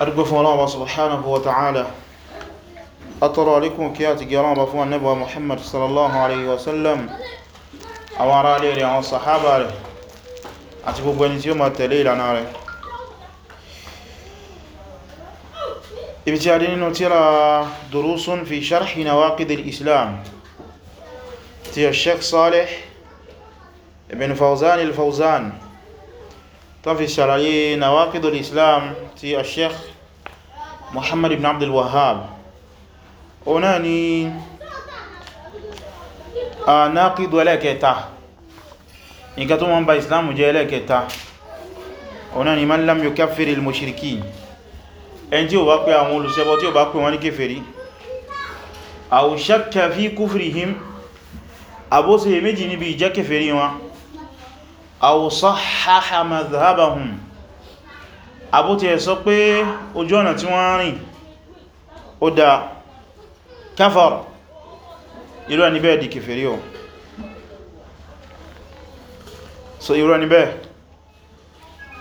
adúgbò fún ọlọ́wọ́ subhanahu wa ta'ala atọ́rọ alikun kí a ti gẹ̀rọ ọba fún annabawa muhammad sallallahu alaihi wasallam àwọn ará alẹ́ rẹ̀ àwọn sahaba rẹ̀ àti gbogbo ẹni tí ó ibi tí a dé nínú tíra durusun fi sharhi nawaqid al-islam tí a sheikh ibn fawzan il-fawzan tó fi ṣàlàyé nawaqidul islam ti al-sheikh muhammad ibn abdul wahhab o náà ni a naqidu ẹlẹ́kẹta nǹkan tó wọ́n ba islam jẹ́ ẹlẹ́kẹta o náà ni man lam yukaffir al-mushrikin ẹn tí ó bá pè àwọn olùṣẹbọ tí ó bá pè wọ́n ní kèfèrí aw shakka fi kufrihim àbóse méjì níbi ìjẹ́ wọn aw sahhaha madhhabahum àbútí ẹ̀ sọ pé ojú ọ̀nà tí wọ́n rìn ó dá kafar irú ẹni bẹ́ẹ̀ di kèfèrí o so irú ẹni bẹ́ẹ̀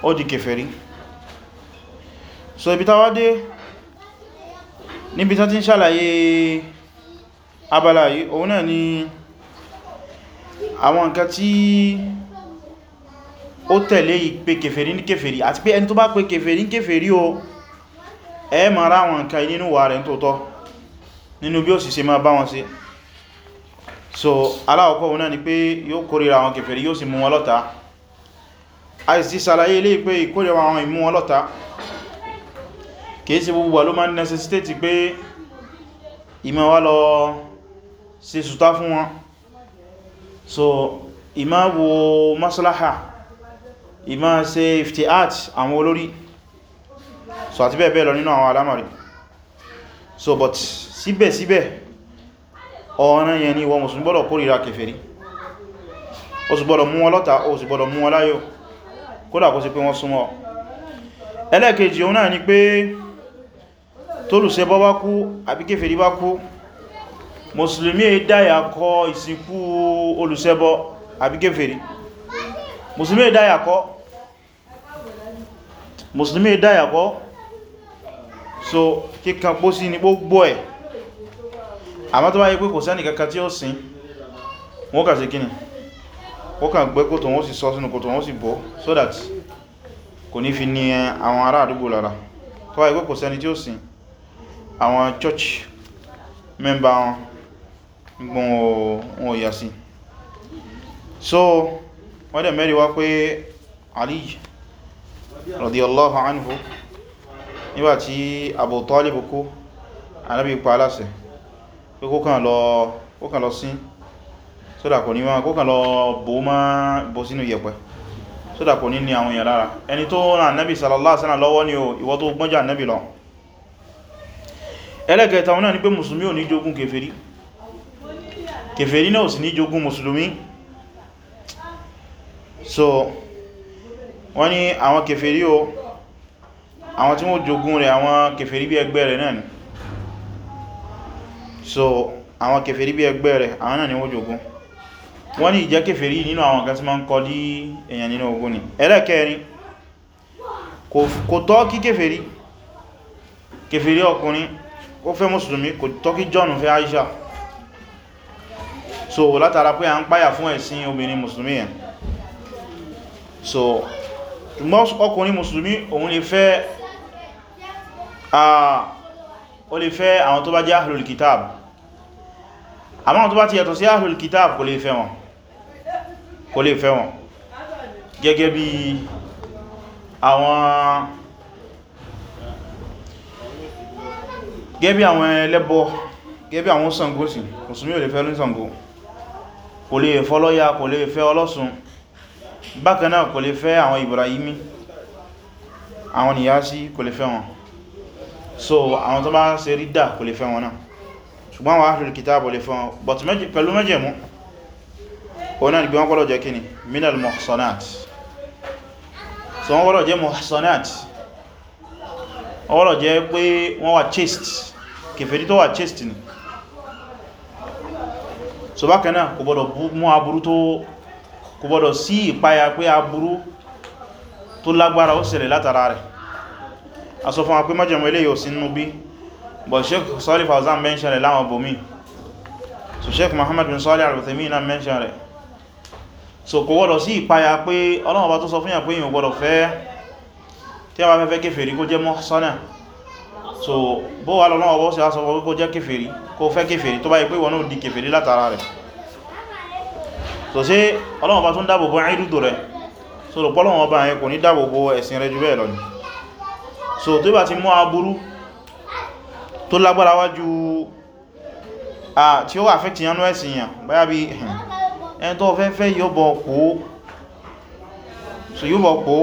ó di kèfèrí so ibi táwá dé níbi tán ti ń ṣàlàyé abala yìí òun náà ni àwọn nǹkan tí ó tẹ̀lé ìpé kèfèrí ní kèfèrí àti pé ẹni tó bá pé kèfèrí ní kèfèrí o ẹ ma ra wọn nǹkan nínú wà rẹ̀ tó nínú bí ó sì ṣe máa bá wọn ṣe so aláwọ̀kọ́ wọn náà ni pé yóò kórìíra àwọn kèfèrí yóò sì mú wọn lọ́ta àìsí sàlàyé ilé pé ìkórìíra àwọn ìmú wọn lọ́ta so ìmọ̀ wo maslaha ìmá ṣe iftihat àwọn olórí so àti bẹ́ẹ̀ bẹ́ẹ̀ lọ nínú àwọn alámàrí so but síbẹ̀síbẹ̀ ọ̀ràn yẹn ni wọ́n mùsùn gbọ́dọ̀ kórìíra kèfèrí ó sì gbọ́dọ̀ mú wọn lọ́ta ó sì gbọ́dọ̀ mú wọn láyò kódà kó sí pé wọ́n súnmọ́ ẹlẹ́ẹ̀kejì òun náà ni pé tólùṣẹbọ bá kú àbí kèfèrí bá kú mùsùlùmí e dáyà kọ ìsìnkú olùṣẹbọ àbí kèfèrí mùsùlùmí e dáyà kọ́ musulmi dáyàkọ́ so kíkà pọ́ sí ní gbogbo ẹ̀ àmá tó bá yí pé kò sẹ́nì kankan tí ó sin wọ́n kà sí kíni wọ́n kà gbẹ́ kòtò wọ́n sì sọ sínú kòtò wọ́n sì bọ́ so that kò ní fi ní eh, àwọn ará àdúgbò lára tó bá yí pé kò sẹ́ni tí ó sin àwọn church member wọn gbọ́n wọn yà sí so wọ́n dẹ̀ mẹ́rin wá pé aliyu radiyallahu anhu nígbàtí Abu Talib kú anábi pa aláṣẹ pé kó kàn lọ sí sódà kò ní máa kó kàn lọ bó máa bó sínú yẹ̀pẹ̀ sódà kò ní ní àwọn èèyàn lára ẹni tó ràn nábi sallallahu alaihi wasallam lọ́wọ́ ni o ìwọ tó gbọ́njà nábi lọ ẹlẹ́kẹta wọn náà ni pé mùsùlùmí ò ní jogún kèfèrí kèfèrí náà ò sì ní jogún mùsùlùmí so wọ́n ní àwọn kèfèrí o àwọn tí wọ́n jogun rẹ̀ àwọn kèfèrí bí ẹgbẹ́ rẹ̀ náà ni so àwọn kèfèrí bí ẹgbẹ́ rẹ̀ àwọn náà ni wọ́n jogun wọ́n ní ìjẹ́ kèfèrí nínú àwọn kan tí ma ń kọ lí èyàn nínú ogun ni ẹlẹ́kẹ́rin kò tọ́ kí kèfèrí kèfèrí ọkùnrin ó fẹ́ mùsùlùmí kò tọ́ kí John fẹ́ Aisha so látara pé à ń páyà fún ẹ̀sìn obìnrin mùsùlùmí yẹn so ṣùgbọ́n ọkùnrin musulmi òun lè fẹ́ ó lè fẹ́ àwọn tó bá jẹ́ ahlul kitab àmọ́ tó bá ti yàtọ̀ sí ahlul kitab kò lè fẹ́ wọn kò lè fẹ́ wọn gẹ́gẹ́ bí àwọn gẹ́bí àwọn ẹlẹ́bọ gẹ́bí àwọn Ṣàngó sí musulmi ò lè fẹ́ lóní Ṣàngó kò lè fọ́lọ́yà kò lè fẹ́ ọlọ́sùn bákanáà kò lè fẹ́ àwọn Ibrahimi àwọn Niyasi kò lè fẹ́ wọn so àwọn tó bá ṣe rídà kò lè fẹ́ wọn náà ṣùgbọ́n àwọn ahlul kitab lè fẹ́ wọn but pẹ̀lú mẹ́jẹ̀mú òun náà gbé wọn kọ́lọ̀ jẹ́ kíni minal muhsanat so wọ́n kọ́lọ̀ jẹ́ muhsanat wọ́n kọ́lọ̀ jẹ́ pé wọ́n wà ni so bákanáà kò gbọ́dọ̀ mú kò gbọdọ̀ sí ìpayà pé aburú tó lágbára ó ṣẹlẹ̀ látara rẹ̀ a sọ fún wa pé májẹ̀mú eléyìí ò sí so Muhammad bin Salih Al-Uthaymeen náà mention rẹ̀ so kò gbọdọ̀ sí ìpayà pé Ọlọ́run bá tó sọ fún yà pé èyàn gbọdọ̀ fẹ́ tí a bá fẹ́ kéfèrí kó jẹ́ mọ́sánà so bó wà lọ́nà ọwọ́ sí a sọ fún kó jẹ́ kéfèrí kó fẹ́ kéfèrí tó bá pé wọ́n náà di kéfèrí látara rẹ̀ so ṣe ọlọ́wọ́n bá tún dáàbòbò ìdúdó rẹ̀ so lò pọ́lọ́wọ́n bá yẹn kò ní dáàbòbò ẹ̀sìn rẹ̀ jù bẹ́ẹ̀ lọ ni so tó bá ti mú aburú tó lágbára wájú tí ó wà affect yánú ẹ̀sìn yàn báyá bí ẹni tó fẹ́ fẹ́ yóò pò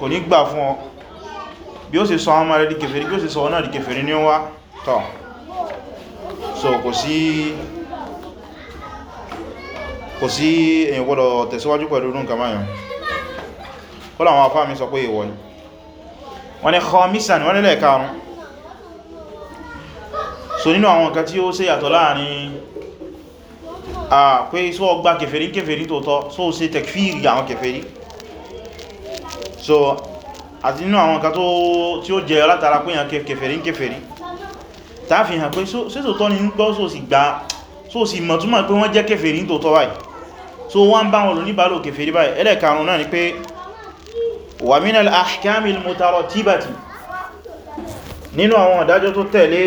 kò ní gbà fún ọ bí ó sì sọ ọmọ rẹ̀ di kèfèrí bí ó sì sọ ọ náà di kèfèrí ní ó wá tọ́ so kò sí kò sí èyàn gbọ́dọ̀ tẹ̀síwájú pẹ̀lú orú nǹkan máyàn kọ́lá àwọn afá mi sọ pé èèwọ̀ ni wọ́n ni khamisan wọ́n nílẹ̀ karùn so nínú àwọn nǹkan tí ó ṣe yàtọ̀ láàrin à pé só gba kèfèrí kèfèrí tòótọ́ só ṣe tekfiri àwọn kèfèrí so àti nínú àwọn nǹkan tí ó jẹ látara pé yàn kèfèrí kèfèrí ta fi hàn só se ni ń gbọ́ só sì gba so sì mọ̀ túnmọ̀ pé wọ́n jẹ́ kèfèrí ní tòótọ́ báyìí so wọ́n bá wọn lò níbàlò kèfèrí báyìí ẹlẹ́karùn náà ni pé wa min al-ahkam al-mutarattibati nínú àwọn ìdájọ́ tó tẹ̀lé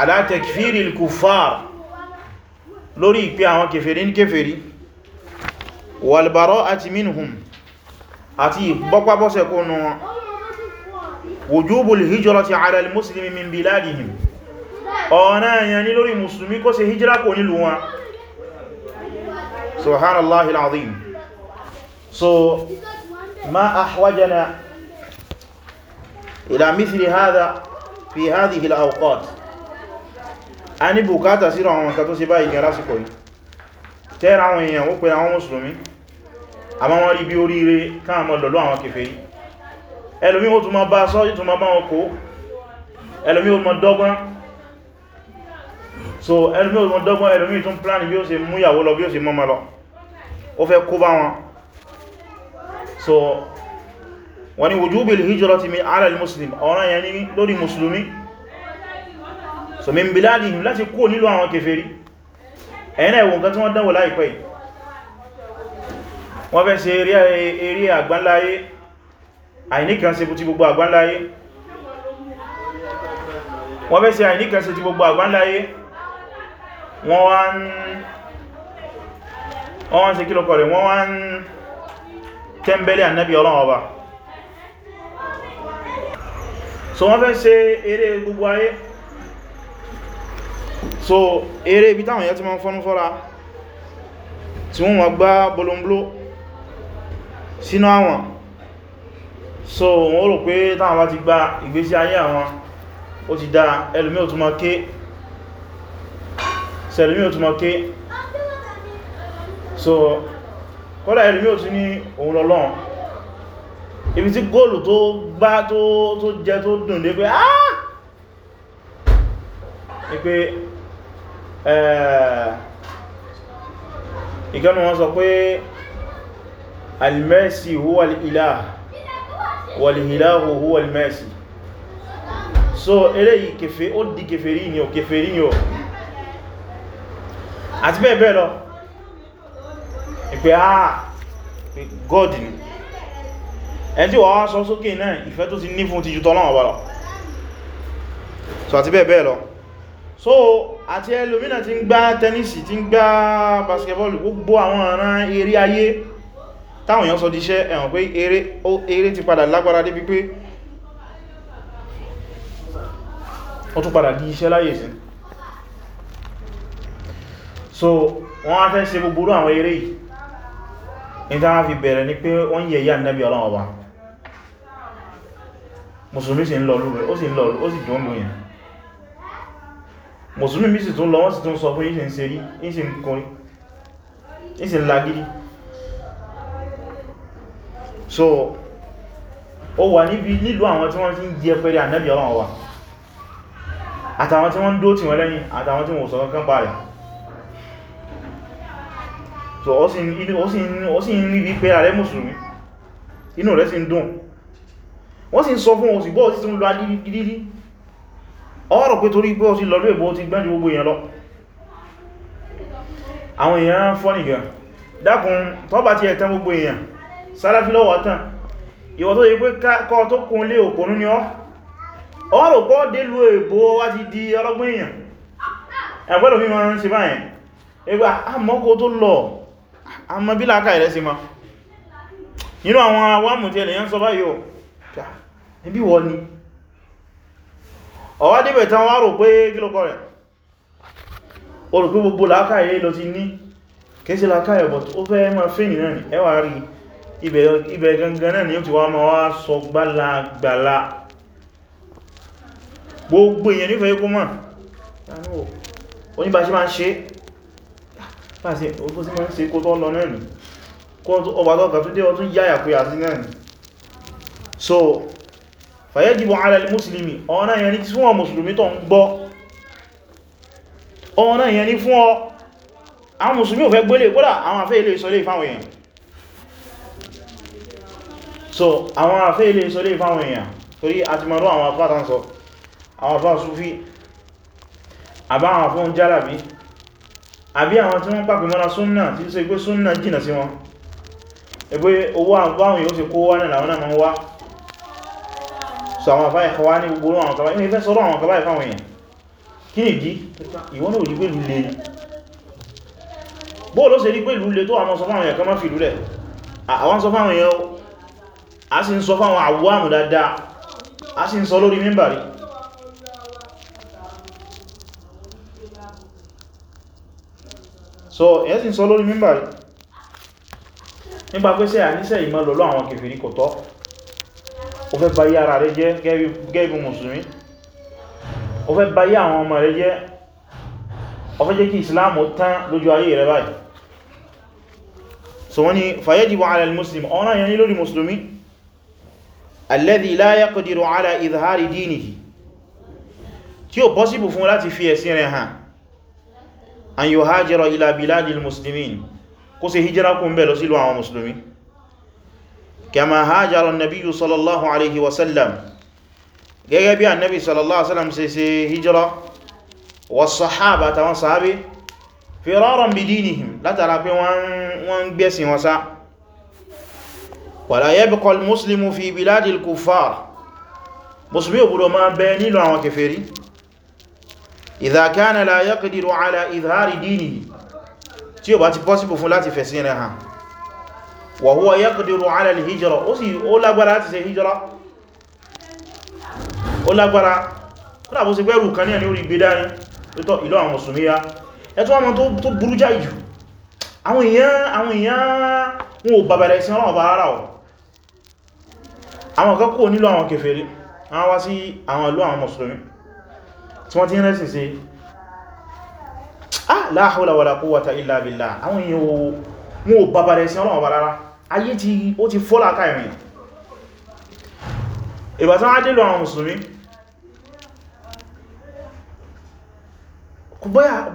ala takfiri al-kuffar lórí ìpé àwọn kèfèrí ní kèfèrí wal bara'ati minhum àti bọ́pàbọ́sẹ̀kónú wujubul hijrati ala al-muslimi min biladihim ọ̀nà èèyàn ní lórí musulmi kó ṣe hijira kò nílùú wọn subhanallahi alazim so ma ahwajana ila mithli hadha fi hadhihi al-awqat a ní bùkátà sí àwọn nǹkan tó ṣe báyìí ní arásìkò yìí tẹ́ra àwọn èèyàn wó pé àwọn musulmi àmá wọ́n rí bí oríire káàmọ́ ó tún bá sọ́ yìí bá wọn kó ó tún dọ́gbọ́n so ẹlùmí o mọ́ dọ́gbọ́n ẹlùmí tún pláàni bí ó ṣe mú ìyàwó lọ bí ó ṣe mọ́mọ́ lọ ó fẹ́ kó bá wọn so wọ́n ni wujubil hijrati min ala al-muslim ọ̀rọ̀ yẹn ní lórí musulmi so min biladihim láti kó nílò àwọn kèfèrí ẹ̀yẹn ẹ̀wọ̀n nǹkan tí wọ́n dánwò láìpẹ́ wọ́n fẹ́ ṣe eré àgbánláyé àìníkan ṣe ti gbogbo àgbánláyé wọ́n fẹ́ ṣe àìníkan ṣe ti gbogbo àgbánláyé wọ́n wá ń wọ́n ṣe kí ló kọ̀rẹ̀ wọ́n wá ń tẹ́m̀bẹ̀lẹ̀ ànábì ọlọ́run ọba so wọ́n fẹ́ ṣe eré gbogbo ayé so eré ibi táwọn èyàn ti máa ń fọ́nú fọ́ra tí wọ́n ma gbá bolombló sínú àwọn so wọ́n rò pé táwọn bá ti gba ìgbésí ayé àwọn ó ti dá ẹlòmí ò tún ma ké sẹ̀lẹ̀mí ò túnmọ̀ ké so kọ́lá ẹ̀lẹ̀mí ò tún ní òun lọ́lọ́run ibi tí góòlù tó gbá tó jẹ tó dùn ní pé ah ní pé ìkẹ́nu wọn sọ pé al-Messi huwa al-ilah wal-ilahu huwa al-Messi so eléyìí kèfèrí ó di kèfèrí ni ò kèfèrí ni ò àti bẹ́ẹ̀ bẹ́ẹ̀ lọ ìpé àà ah, god ni ẹni tí wọ́n sọ sókè náà ìfẹ́ tó ti ní fún ti jù tọ́lọ́wọ́ bá lọ so àti bẹ́ẹ̀ bẹ́ẹ̀ lọ so àti ẹlòmínà ti ń gbá tẹ́nìsì ti ń gbá basketball gbogbo àwọn ọ̀ràn eré ayé táwọn èèyàn sọ di iṣẹ́ ẹ̀wọ̀n pé eré ti padà lágbára débi pé ó tún padà di iṣẹ́ láyé sí so wọ́n á fẹ́ ṣe gbogbo àwọn eré yìí ní tí wọ́n fi bẹ̀rẹ̀ ní pé wọ́n yẹ̀ yà nẹ́bí ọlọ́run ọba mùsùlùmí sì ń lọ lúrẹ̀ ó sì ń lọ ó sì jọ ń lóyìn mùsùlùmí mi sì tún lọ wọ́n sì tún sọ fún yíṣẹ́ ń ṣe rí yíṣẹ́ ń kọrin yíṣẹ́ ń lagiri so ó wà níbi nílùú àwọn tí wọ́n ti ń jẹ pẹ̀lú ànẹ́bí ọlọ́run àtàwọn tí wọ́n ń dó tì wọ́n lẹ́yìn àtàwọn tí wọ́n sọ kankan pa so ó sì ń rí wípé ààrẹ mùsùlùmí inú rẹ̀ sì ń dùn wọ́n sì ń sọ fún òsì bọ́ sí tún lọ adídídí ọ̀rọ̀ pé torí pé ó sì lọ́lú èbó ti gbẹ́jù gbogbo èèyàn lọ àwọn èèyàn fọ́nì gan dákun tó bá ti ẹ̀tẹ́ gbogbo èèyàn sáláfí lọ́wọ́ tán ìwọ̀ tó yẹ pé kọ́ tó kún lé òpónú ni ọ́ ọ̀rọ̀ pọ́ délú èbó wá ti di ọlọ́gbọ́n èèyàn ẹgbẹ́lòmí wọn ń ṣe báyẹn ẹgbẹ́ àmọ́kò tó lọ a mọ́ bí láàkà ilẹ̀ sí ma nínú àwọn awámù tí ẹlẹ̀yàn sọ báyìí ọ̀ níbí wọ́n ni ọwá débẹ̀ tán wá rò pé kílọ́kọ́ rẹ̀ o rò pé gbogbo láàkà ilẹ̀ lọ ti ní kéèsì láàkà ẹ̀ but ó fẹ́ ma fẹ́ nìyàn ẹwà rí ibẹ̀ gangan náà ni ó ti wá ma wá sọ gbálagbàlá gbogbo èèyàn pàṣẹ ogbó sí máa ń ṣe kó tọ́ lọ náà nì kó ọba tọ́ka tó dé ọdún yáyà pé àti náà nì so fàyẹ́jìbọn alẹ́lẹ́ mùsùlùmí ọ̀nà yẹn ni fún ọ mùsùlùmí tó ń gbọ́ ọ̀nà yẹn ni fún ọ àwọn mùsùlùmí ò fẹ́ gbélé kódà àwọn afẹ́ ilé ìsọlé ìfáwọn èèyàn so àwọn afẹ́ ilé ìsọlé ìfáwọn èèyàn torí àti mọ̀rọ̀ àwọn afẹ́ àtànsọ àwọn afẹ́ àsúfí àbáwọn afẹ́ ń jálàbí àbí àwọn tí wọ́n pàpẹ mọ́ra súnnà tí ṣe pé súnnà jìnà sí wọn ẹgbẹ́ owó àbáwọn yóò ṣe kó wá náà láwọn náà wá so àwọn àfáà ẹ̀kọ́ wá ní gbogbo àwọn kàbáyé ní ìfẹ́ sọ́rọ̀ àwọn kàbáyé fáwọn èèyàn kí ní ìdí ìwọ́n náà rí pẹ̀lú lè bóò ló ṣe rí pẹ̀lú lè tó àwọn sọ fáwọn èèyàn kan má fi ìlú rẹ̀ a sì ń sọ fáwọn a sì ń sọ so èyàn sì ń sọ lórí mímbà rí nípa pé sẹ́ àníṣẹ́ ìmọ̀ lọ́lọ́ àwọn kèfèrí kò tọ́ o fẹ́ bayé ara rẹ jẹ́ gẹ́gẹ́ mùsùlùmí o fẹ́ bayé àwọn ọmọ rẹ jẹ́ o fẹ́ jẹ́ kí islam tán lójú ayé rẹ báyìí so wọ́n ni fayajibu ala al-muslim ọ̀nà yẹn lórí mùsùlùmí alladhi la yaqdiru ala izhari dinihi tí ó bọ́síbù fún láti fi ẹ̀sìn rẹ̀ hàn an yuhajira ila biladil muslimin kó ṣe hijira kún bẹ̀ lọ sílùú àwọn musulmi kama hajara annabi sallallahu alaihi wasallam gẹ́gẹ́ bí annabi sallallahu alaihi wasallam ṣe ṣe hijira was-sahaba tàwọn sahabi firaran bidinihim látara pé wọ́n gbẹ̀sìn wọn sá wala yabqa al-muslimu fi biladil kuffar musulmi òbúdó máa bẹ nílò àwọn kèfèrí idha kana la yaqdiru ala izhari dinihi tí ó bá ti possible fún láti fẹ̀sí rẹ̀ hàn wa huwa yaqdiru ala al-hijra ó sì ó lágbára láti ṣe hijra ó lágbára kúrò bó sì pẹ́rù kan ní ẹni orí gbédá ní tó ìlú àwọn mùsùlùmíyà ẹ̀tọ́ àwọn tó burú tí wọ́n ti ń rẹ́sì sí ah la hawla wala quwwata illa billah àwọn èèyàn wọn ò bàbàrẹ̀ sí ọlọ́wọ́ rárá ayé tí ó ti fọ́lá káìrìn ìbàtán á délò àwọn mùsùlùmí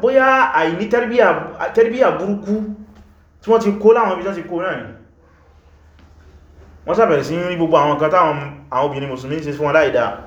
bóyá àìní tẹ́rbíyà burúkú tí wọ́n ti kó láwọn ibi tán ti kó náà ni wọ́n sàbẹ̀rẹ̀ sí rí gbogbo àwọn kan táwọn obìnrin mùsùlùmí ti fún wọn láìdáa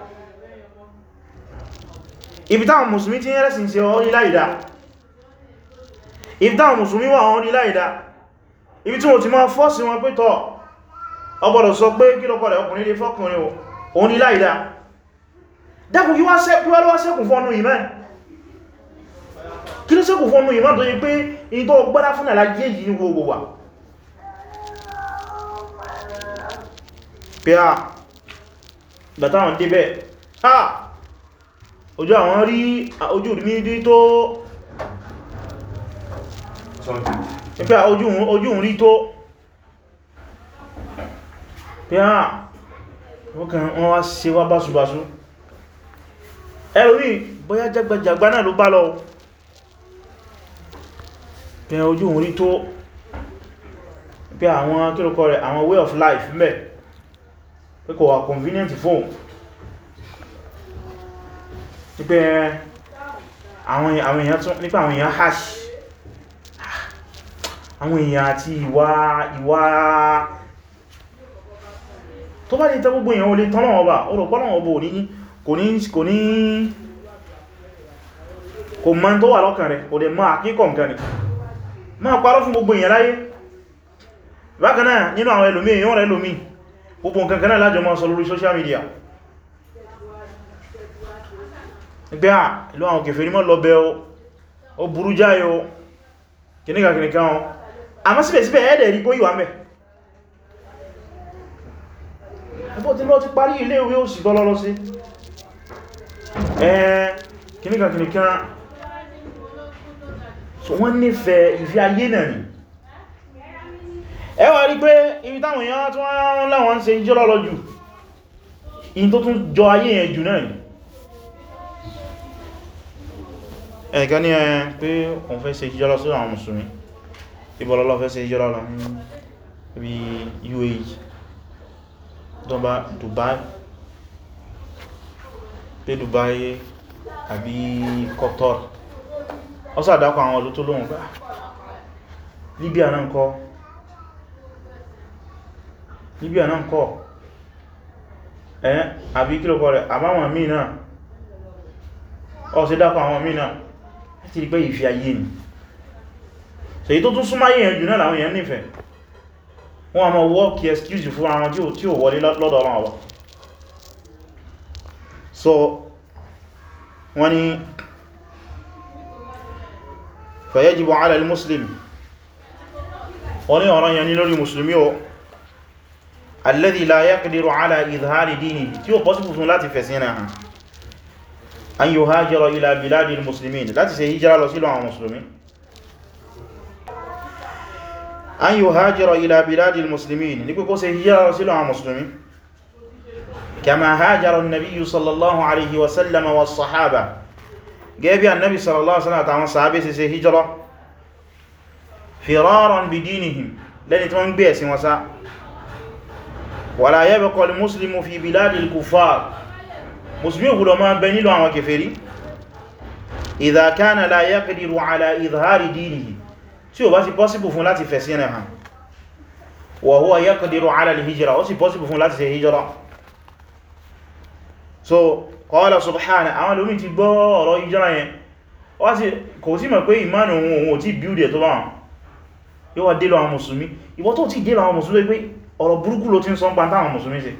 ibi táwọn musulmi ti yẹ́rẹ́ sí ṣe ọ̀rí láìdá ibi táwọn musulmi wà ọ̀rí láìdá ibi tí wọ́n ti máa fọ́sí wọn pé tọ́ ọgbọ̀dọ̀ sọ pé kí lọ́kọ̀ rẹ̀ ọkùnrin lè fọ́kùnrin òní láìdá dẹ́kùn kí wá sẹ́kùn fọ́nú ìmẹ́ kí ló sẹ́kùn fọ́nú ìmẹ́ tó yí pé in tó gbọ́dá fún àlájé yìí ní gbogbo wà pé à ah, gbàtàwọn débẹ̀ Ha. Ah, ojú àwọn rí ojú rí tó pé ojú rí tó pé hàn wọ́n wá ṣe wá básubásu ẹlòmí bóyá jàgbàjàgbà náà ló bá lọ pé ojú rí tó pé àwọn kílùkọ rẹ̀ àwọn way of life mẹ́ pé kò wà convenient fóòmù nípé àwọn èèyàn tún nípa àwọn èèyàn hash àwọn èèyàn àti ìwà ìwà tó bá lè tẹ́ gbogbo èèyàn olè tán náà ọba olùpọ́nà ọba kò ní kò mọ́ tó wà lọ́kàn rẹ̀ kò dẹ̀ mọ́ àkíkọ̀ nǹkan rẹ̀ máa parọ́ fún gbogbo èèyàn láyé bákanáà nínú àwọn ẹlòmí èèyàn rẹ̀ lòmí gbogbo nǹkan kanáà lájọ máa sọ lórí social media pé à ah, ìlú àwọn kèfèrí mọ́ lọ bẹ̀ ó burú jáyọ kìníkàkìníkà wọn àmọ́ síbẹ̀síbẹ̀ ẹ̀ẹ́dẹ̀ rí kó ìwà mẹ́ ẹgbọ́ tí lọ ti parí ilé ìwé òsì tọ́lọ́lọ́ sí ẹ̀ẹ́ kìníkàkìníkà so wọ́n nífẹ̀ẹ́ ìfẹ́ ayé náà ni ẹ wá rí pé ibi táwọn èèyàn tó wọ́n láwọn ń se jọ́lọ́lọ́ jù in tó tún jọ ayé yẹn jù náà ni ẹ̀ẹ̀kan ní ẹ pé òun fẹ́ ṣe ìjọ́lá sí àwọn mùsùlùmí ìbọ̀lọ́lọ́ fẹ́ ṣe ìjọ́lá lọ ní UAE dọba Dubai pé Dubai àbí Qatar ọ sàdákọ̀ àwọn ọdún tó lóhun pé ah, Libya náà kọ́ Libya náà kọ́ ẹ̀ àbí kílòkọ́ rẹ̀ àbáwọn míì náà ọ sí dákọ̀ àwọn míì náà àti ìgbé ìfi ayé ni so èyí tó tún súnmọ́ ayé ẹ̀jù náà làwọn èèyàn nífẹ̀ẹ́ wọ́n a mọ̀ wọ́ọ̀kì excuse fún àwọn tí ò wọlé lọ́dọ̀ ọmọ àwọn so wọ́n ni fayajibu ala al-muslim wọ́n ni ọ̀rọ̀ yẹn ni lórí musulmi o alladhi la yaqdiru ala izhari dini tí ó pọ́sífù fún láti fẹ̀sí náà an hajjara ila biladi al láti ṣe hijira lọ sílọ àwọn musulmi an hajjara ila biladi al ní kó ṣe hijira lọ sílọ àwọn musulmi kama hajjara an-nabiy sallallahu alaihi wasallam wa sahaba gẹ́bí annabi sallallahu alaihi wasallam àtàwọn sahabe ṣe ṣe hijira firaran bidinihim lẹ́ni tí wọ́n gbé ẹ̀sìn wọn sá wala yabqa al-muslimu fi biladi al-kuffar musulmi ògbùdọ̀ máa bẹ nílò àwọn kèfèrí idha kana la yaqdiru ala izhari dinihi tí ó bá sì pọ́síbù fún láti fẹ̀sí ẹ̀nà hàn wa huwa yaqdiru ala al-hijra ó sì pọ́síbù fún láti ṣe so qala subhanahu àwọn lómi ti gbọ́ ọ̀rọ̀ hijira yẹn kò sí mọ̀ pé ìmánu ohun ohun tí bíúdẹ̀ tó bá wọn yíwa délọ àwọn musulmi ìwọ tó ti délọ àwọn musulmi pé ọ̀rọ̀ burúkú ló ti ń sọ ń pa táwọn musulmi sí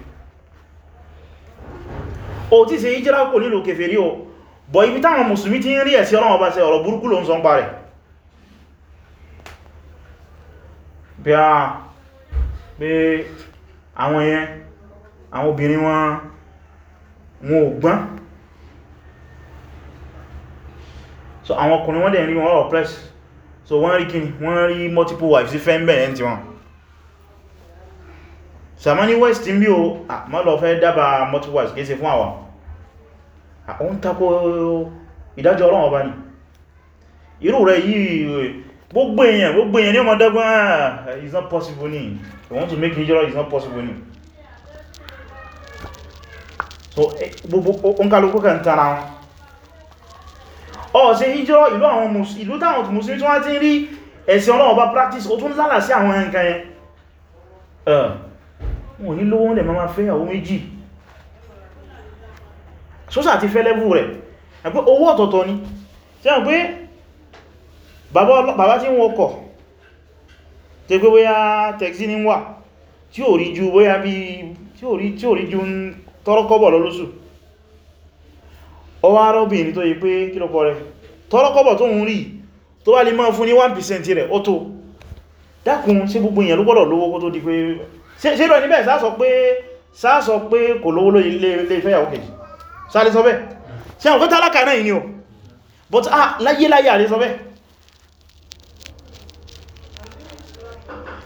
o ti ṣe ìjírá kò nílò kèfèrí o bọ̀ ibi táwọn musulmi ti ń rí ẹ̀sí ọlọ́wọ́ bá ṣe ọ̀rọ̀ burúkú ló ń sọ ń parẹ̀ bí a pé àwọn yẹn àwọn obìnrin wọn wọn ò gbọ́n so àwọn ọkùnrin wọ́n dẹ̀ rí wọn oppress so wọ́n rí kíni wọ́n rí multiple wives fẹ́ ń bẹ̀rẹ̀ tí wọ́n sàmọ́ ní west ń bí o mọ́lọ̀ fẹ́ dábàá multiple wives kéèsè fún àwọn ó ń takò ìdájọ́ Ọlọ́run Ọba ni irú rẹ̀ yìí gbogbo èèyàn gbogbo èèyàn ní ọmọ dẹ́gbọ́n ah it's not possible ni you want to make hijira it's not possible ni so eh, gbogbo oǹkàlùkù kẹ́ tara wọn ó ṣe hijira ìlú àwọn ìlú táwọn musulmi tí wọ́n ti rí ẹ̀sìn Ọlọ́run Ọba practice ó tún lálà sí àwọn nǹkan yẹn sósà ti fẹ́ lẹ́bù rẹ̀ ẹgbẹ́ owó ọ̀tọ̀ọ̀tọ̀ ni tí a pé bàbá tí ń wọkọ̀ tí pé bóyá tẹ̀kí ní wà tí ò rí ju bóyá bí tí ò rí tí ò rí ju tọ́rọkọ́bọ̀ lọ́lọ́sù ọwá arọ́bìnrin tó yí pé kílọkọ rẹ̀ tọ́rọkọ́bọ̀ tó ń rí tó wá lè máa fún ní 1% rẹ̀ ó tó dákun ṣé gbogbo èèyàn ló lówó kó tó di pé ṣe rọ̀ níbẹ̀ sáà sọ pé kò lówó ló ilé ìfẹ́yàwó kejì sáàlẹ̀ sọ bẹ́ ṣe àwọn tálákà náà ni o but ah láyé láyé àlẹ́ sọ bẹ́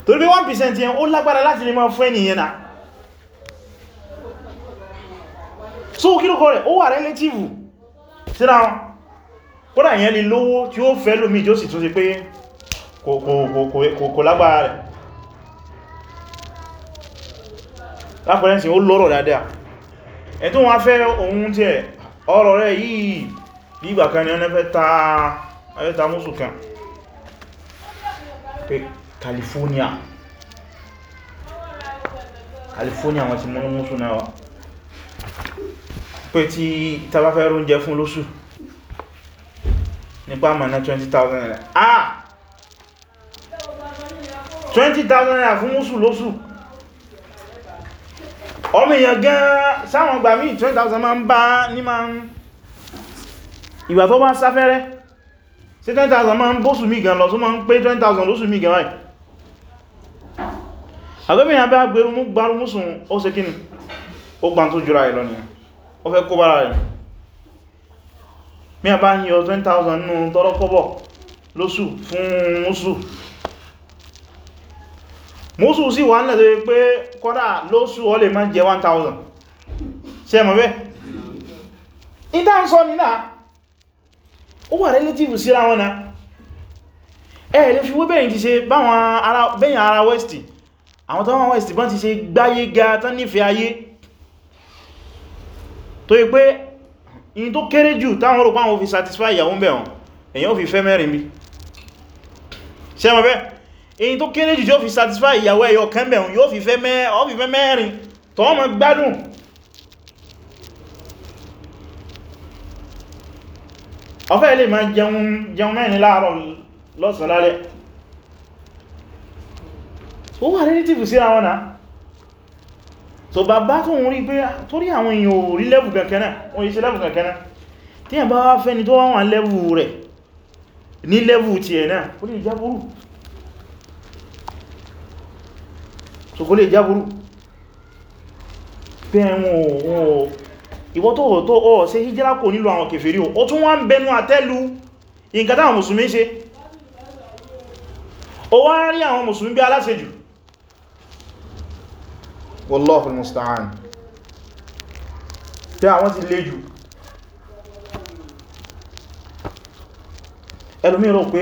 torí pé 1% yẹn ó lágbára láti lè máa fún ènìyàn náà so kí ló kọ́ rẹ̀ ó wà relative síra wọn kódà yẹn lè lówó tí ó fẹ́ lómi tí ó sì tún sí pé kò lágbára rẹ̀ lápẹ̀rẹ́sì ó lọ́rọ̀ dáadáa ẹ̀ tó wọ́n fẹ́ ohun tí ẹ̀ ọ̀rọ̀ rẹ̀ yìí bí ìgbà kan ni wọ́n fẹ́ ta ayẹta mọ́sù kan pé California California wọ́n ti mọ́nú mọ́sù náà pé tí tàbá fẹ́ rún jẹ fún lóṣù nípa mọ̀ná 20,000 naira ah 20,000 naira fún mọ́sù lóṣù ọmọ èèyàn gan sáwọn gbà mí 20,000 ma ń bá ní ma ń ìgbà tó bá sáfẹ́rẹ́ sí 10,000 ma ń bóṣù mí gan lọ tó ma ń pé 20,000 lóṣù mí gan ráì àgbẹ́mìyàn bá gbẹ̀rún mú gbárùn mú sùn ó se kíni ó gbà tó jùra ìlọ ni ó fẹ́ kó bára rẹ̀ mí a bá yíò 20,000 nù tọ́rọ kọ́bọ̀ lóṣù fún mùsù mọ́sù sí wà nílẹ̀ tó pé kọ́dá lóṣù ọ lè máa jẹ 1000 ṣe mọ̀ ìdá ń sọ nínà ó wà relative síra wọn na ẹ̀ lè fi wé bẹ́yìn ti ṣe bẹ́yìn ara west àwọn tó west bọ́n ti ṣe gbáyé ga tán nífẹ̀ẹ́ ayé tó yí pé in tó kéré jù táwọn rò fi satisfy ìyàwó mẹ́rin bí ṣe mọ̀ èyí tó kéré jù tí ó fi satisfy ìyàwó ẹyọ kẹ́mẹ̀rún yóò fi fẹ́ mẹ́rin tó máa gbádùn ọfẹ́ ilé ma jẹun mẹ́rin láàárọ̀ lọ́sànlálẹ̀ ó wà relative sí àwọn náà so bàbá tó ń rí pé torí àwọn èèyàn ò rí lẹ́bù kankaná ó yí sí lẹ́bù kankaná tí ẹ̀ bá fẹ́ni tó wọ́n wà lẹ́bù rẹ̀ ní lẹ́bù ti ẹ̀ náà ó lè jábúrú so kó lè jábúrú bẹ́ẹ̀ wọn ìwọ tó ọ̀ tó ọ̀ ṣe hijira kò nílò àwọn kèfèrí o tún wá ń bẹnu àtẹ́lù nǹkan táwọn mùsùlùmí ṣe o wá rí àwọn mùsùlùmí bí aláṣejù wallahu al-musta'an tẹ́ àwọn ti lé jù ẹlòmí rò pé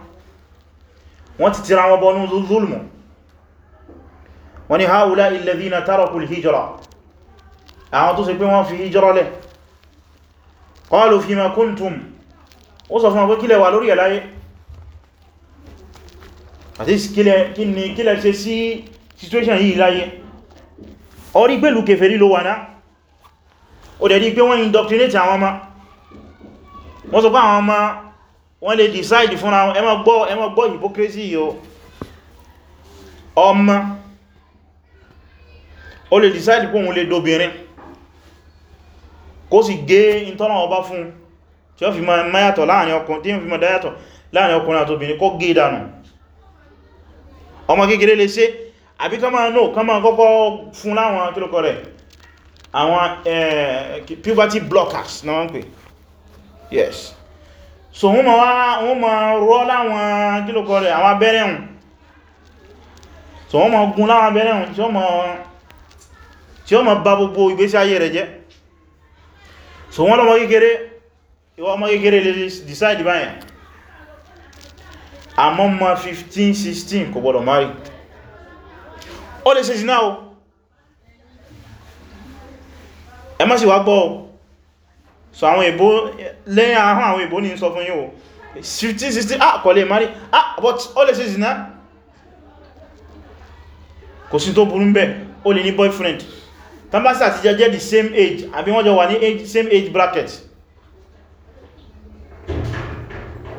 wọ́n ti tira wọn bọnú zulmù wọ́n ni haula alladhina tarakul hijra àwọn tó sì pé wọ́n fi hijra lẹ̀ qalu fima kuntum ó sọ fún ọgbẹ́ kílẹ̀ wà lórí ẹ̀láyé àti kílẹ̀ ṣe sí situation yìí láyé orí pẹ̀lú kèfèrí ló wà náà ó dẹ̀ wọ́n lè decide fúnra wọn ẹ má gbọ́ ẹ má gbọ́ hypocrisy yíò ọmọ o lè decide pé òun lè dobìnrin kó sì gé ìtọ́nà ọba fún tí ó fi ma máyàtọ̀ láàrin ọkùnrin tí ó fi ma dáyàtọ̀ láàrin ọkùnrin àtòbìnrin kó gé ìdànù ọmọ kékeré lè ṣe àbí kọ́ máa náà kọ́ máa kọ́kọ́ fún láwọn kílùkọ́ rẹ̀ àwọn eh, puberty blockers náà wọ́n pè yes so wọ́n ma wọ́n ma rọ́ láwọn kílòkọ́ rẹ̀ àwọn abẹ́rẹ́ hùn so wọ́n ma gún láwọn abẹ́rẹ́ hùn tí ó ma bá gbogbo ìgbésí ayé rẹ̀ jẹ́ so wọ́n lọ́mọ kékeré ìwọ ọmọ kékeré lè decide báyẹn àmọ́ ma 15 16 kò gbọdọ̀ mari ó lè ṣe jìnà o ẹ má sì wá gbọ́ so àwọn ìbò lẹ́yìn ahọ́n àwọn ìbò ní sọ fún yíò 50-60 ah kò lè mari ah but all lè ṣe zina kò sí tó burú bẹ́ ó lè ní boyfriend tambasa ti jẹ́ jẹ́ the same age àbí wọ́n jọ wà age, same age bracket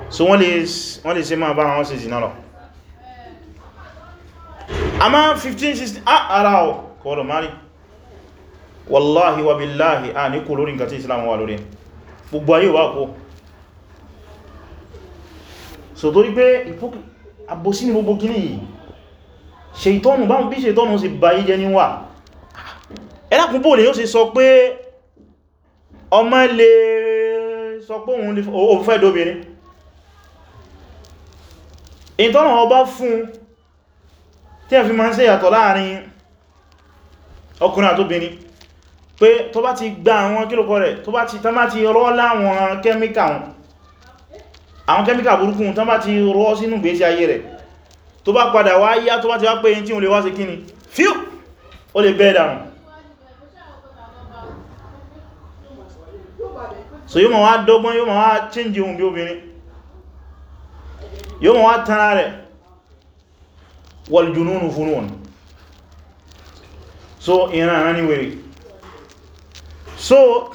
so wọ́n lè wọ́n lè ṣe máa bára wọn ṣe zina lọ àmọ́ 15-16 ah ara ọ̀ kò lè mari wallahi wa billahi a ní kò lórí nǹkan tí islam wà lórí gbogbo ayé wà kó so torí pé àbòsí ni gbogbo kíní yìí ṣètọ́nù báwọn bí ṣètọ́nù sì bá yí jẹ níwà ẹlákùn bò lè yóò sì sọ pé ọmọ lè sọ pé òun lè fẹ́ dóbìnrin ìtọ́nà ọba fún tí ẹ fi máa ń ṣe láàrin ọkùnrin àtóbìnrin pé tó bá ti gba àwọn kílòkọ rẹ̀ tó bá ti tán bá ti rọ́ láwọn kẹ́míkà wọn àwọn kẹ́míkà burúkú tán bá ti rọ́ sínú gbésí ayé rẹ̀ tó bá padà wá yá tó bá ti wá pé yín tí wọ́n lè wá sí kíni fíù ó lè bẹ́ẹ̀ dànù so change ohun bí obìnrin yóò máa wá tánra rẹ̀ wal jununu funun so ìran àrán so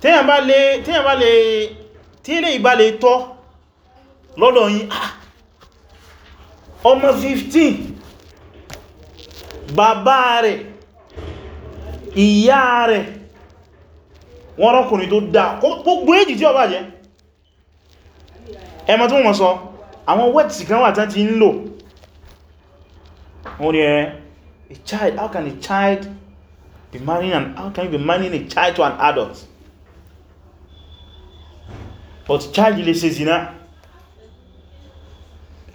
tíyàn bá lè tíyàn bá lè tíyàn ìbá lè tọ́ lọ́dọ̀ yìí ah, ọmọ 15 bàbá rẹ̀ ìyá rẹ̀ wọ́n rọ́kùnrin tó dáa gbogbo èjì tí ó bá jẹ́ ẹmọ tó mọ̀ sọ àwọn wẹ́tì kan wà tán ti ń lò wọ́n ni ẹ̀ eh, a child how can a child be marrying an how can you be marrying a child to an adult but child eh, lè ṣe zina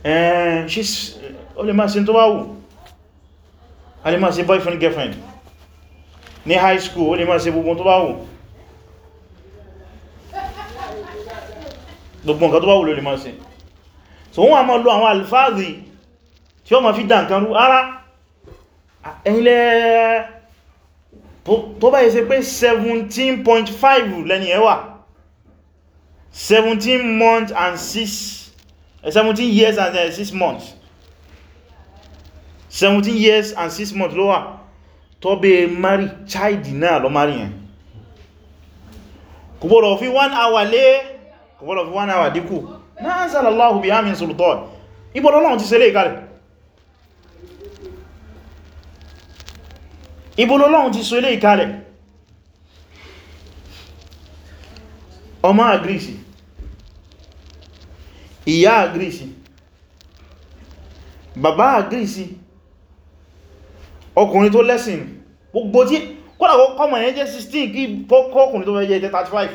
ẹn ṣe o lè máa ṣe tó bá wù a lè boyfriend girlfriend ní high school o lè máa ṣe gbogbo tó bá wù gbogbo nǹkan tó bá wù ló lè máa ṣe so wọ́n a máa lo àwọn alfáàzì tí ó máa fi dá nǹkan rú ara ẹ̀yìnlẹ́ẹ̀ẹ́ tó bá yẹ ṣe pé 17.5 lẹ́ni ẹwà 17 months and 6 17 eh, years and 6 eh, months 17 years and 6 months ló wà tó bẹ mari child náà lọ mari yẹn kò gbọ́dọ̀ fi 1 hour lé kò gbọ́dọ̀ fi 1 hour díkù náà sallallahu bihamin sultan ibọ̀lọ́lọ́run ti ṣe lè ibolo lọ́hun ti sọ ilé ìkalẹ̀ ọmọ agrisi ìyá agrisi bàbá agrisi ọkùnrin tó lẹ́sìn gbogbo tí kọ́lá kọ́mọ̀ ẹ̀yẹn jẹ́ 16 kí kọ́kùnrin tó fẹ́ jẹ́ 35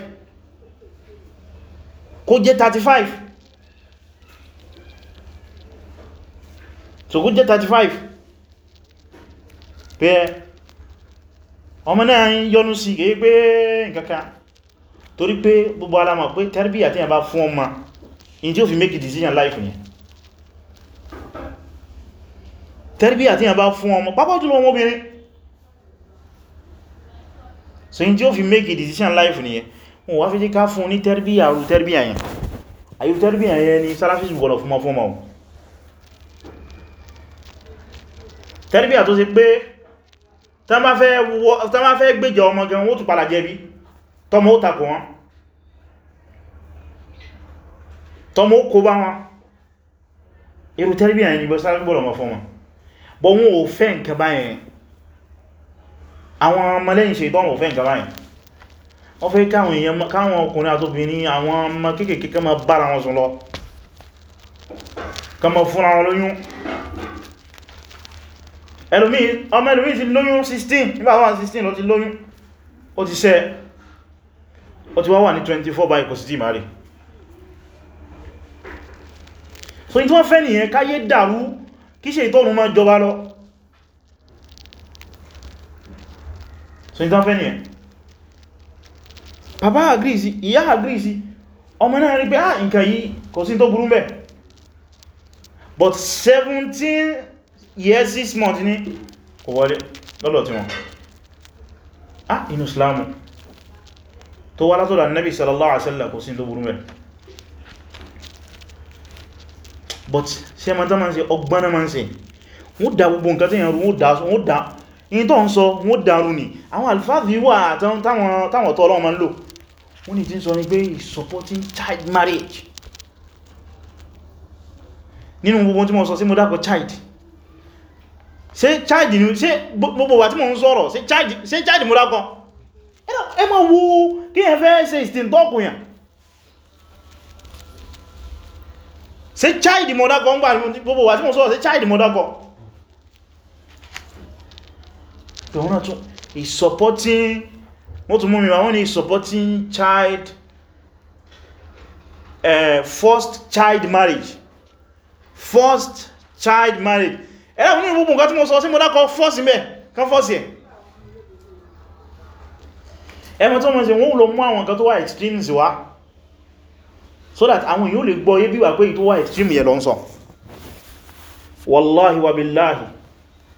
kó jẹ́ 35 so kó 35 pé ọmọ náà yọnú sí kìí pé nǹkankan torí pé gbogbo alamọ̀ pé tarbiyya tí a bá fún ọmọ in tí ó fi make a decision life yẹn tarbiyya tí a bá fún ọmọ pápá jùlọ ọmọbìnrin so in tí ó fi make a decision life yẹn wọ́n wá fi jí ká fún ní tarbiyya rú tarbiyya yẹn àyíkú tarbiyya yẹn ni salafis gbọ́lọ̀ fún ma fún ma tarbiyya tó ṣe tán bá fẹ́ gbèjà ọmọ gan wọ́n tún padà jẹ̀bi tọmọ ó takò wọn tọmọ ó kó bá wọn irú tẹ́lẹ̀bí àyìn ni bọ́sá gbọ́rọ̀ mọ́ fún wọn bọ́ wọn ò fẹ́ nǹkan báyẹn àwọn ọmọlẹ́yìn ṣe ìtọ́wọ̀n ò fẹ́ nǹkan báyẹn wọ́n fẹ́ káwọn ọkùnrin àtòbìnrin àwọn ọmọ kéèkèé kí kán máa bára wọn sùn lọ kán máa fúnra wọn lóyún ọmọ ẹlòmí ti lóyún 16 nígbà wọ́n 16 ó ti lóyún ó ti ṣẹ́ ó ti wá wà ní 24 báyìí kò sí ti mari so ní tí wọ́n fẹ́ nìyẹn káyé dàrú kí ṣe ìtọ́run máa jọba lọ so ní tí wọ́n fẹ́ nìyẹn bàbá àgírísí ìyá àgírísí ọmọ náà rí pé ah nǹkan yìí kò sí tó burú bẹ́ẹ̀ but 17 Yes, six months ní kò wọlé lọ́lọ̀ tí wọ́n ah inú islamu tó wá látọ̀dọ̀ annabi sallallahu alaihi wasallam kò sí tó burú mẹ́ but ṣe ma tán ma ń ṣe ọgbọ́n na ma ń ṣe wọ́n dá gbogbo nǹkan tí yẹn rú wọ́n dá in tó ni àwọn alfáàfí wà táwọn tọ́lọ́ ma ń lò wọ́n ni tí ń sọ ní pé supporting child marriage nínú gbogbo tí mo sọ sí mo dákọ̀ child ṣe charge ni ṣe gbogbo wà tí mo ń sọ̀rọ̀ ṣe charge múra kan ẹ ma wo kí ẹ fẹ́ ṣe ìstìntọ́kù yàn ṣe charge múra kan gbà gbogbo wà tí mo sọ̀rọ̀ ṣe charge múra kan tòun náà tún is supporting wọ́n tún mú mi wọ́n ni is supporting child uh, first child marriage first child marriage ẹ̀rọ mú ìgbogbo nǹkan tí mo sọ sí mo lákọ fọ́sí mẹ́ kan fọ́sí ẹ̀ ẹmọ tó mọ̀ sí wọ́n lọ mú àwọn nǹkan tó wà extremes wá so that àwọn èèyàn lè gbọ́ yé bí wà pé tó wà extreme yẹ lọ ń sọ wallahi wa billahi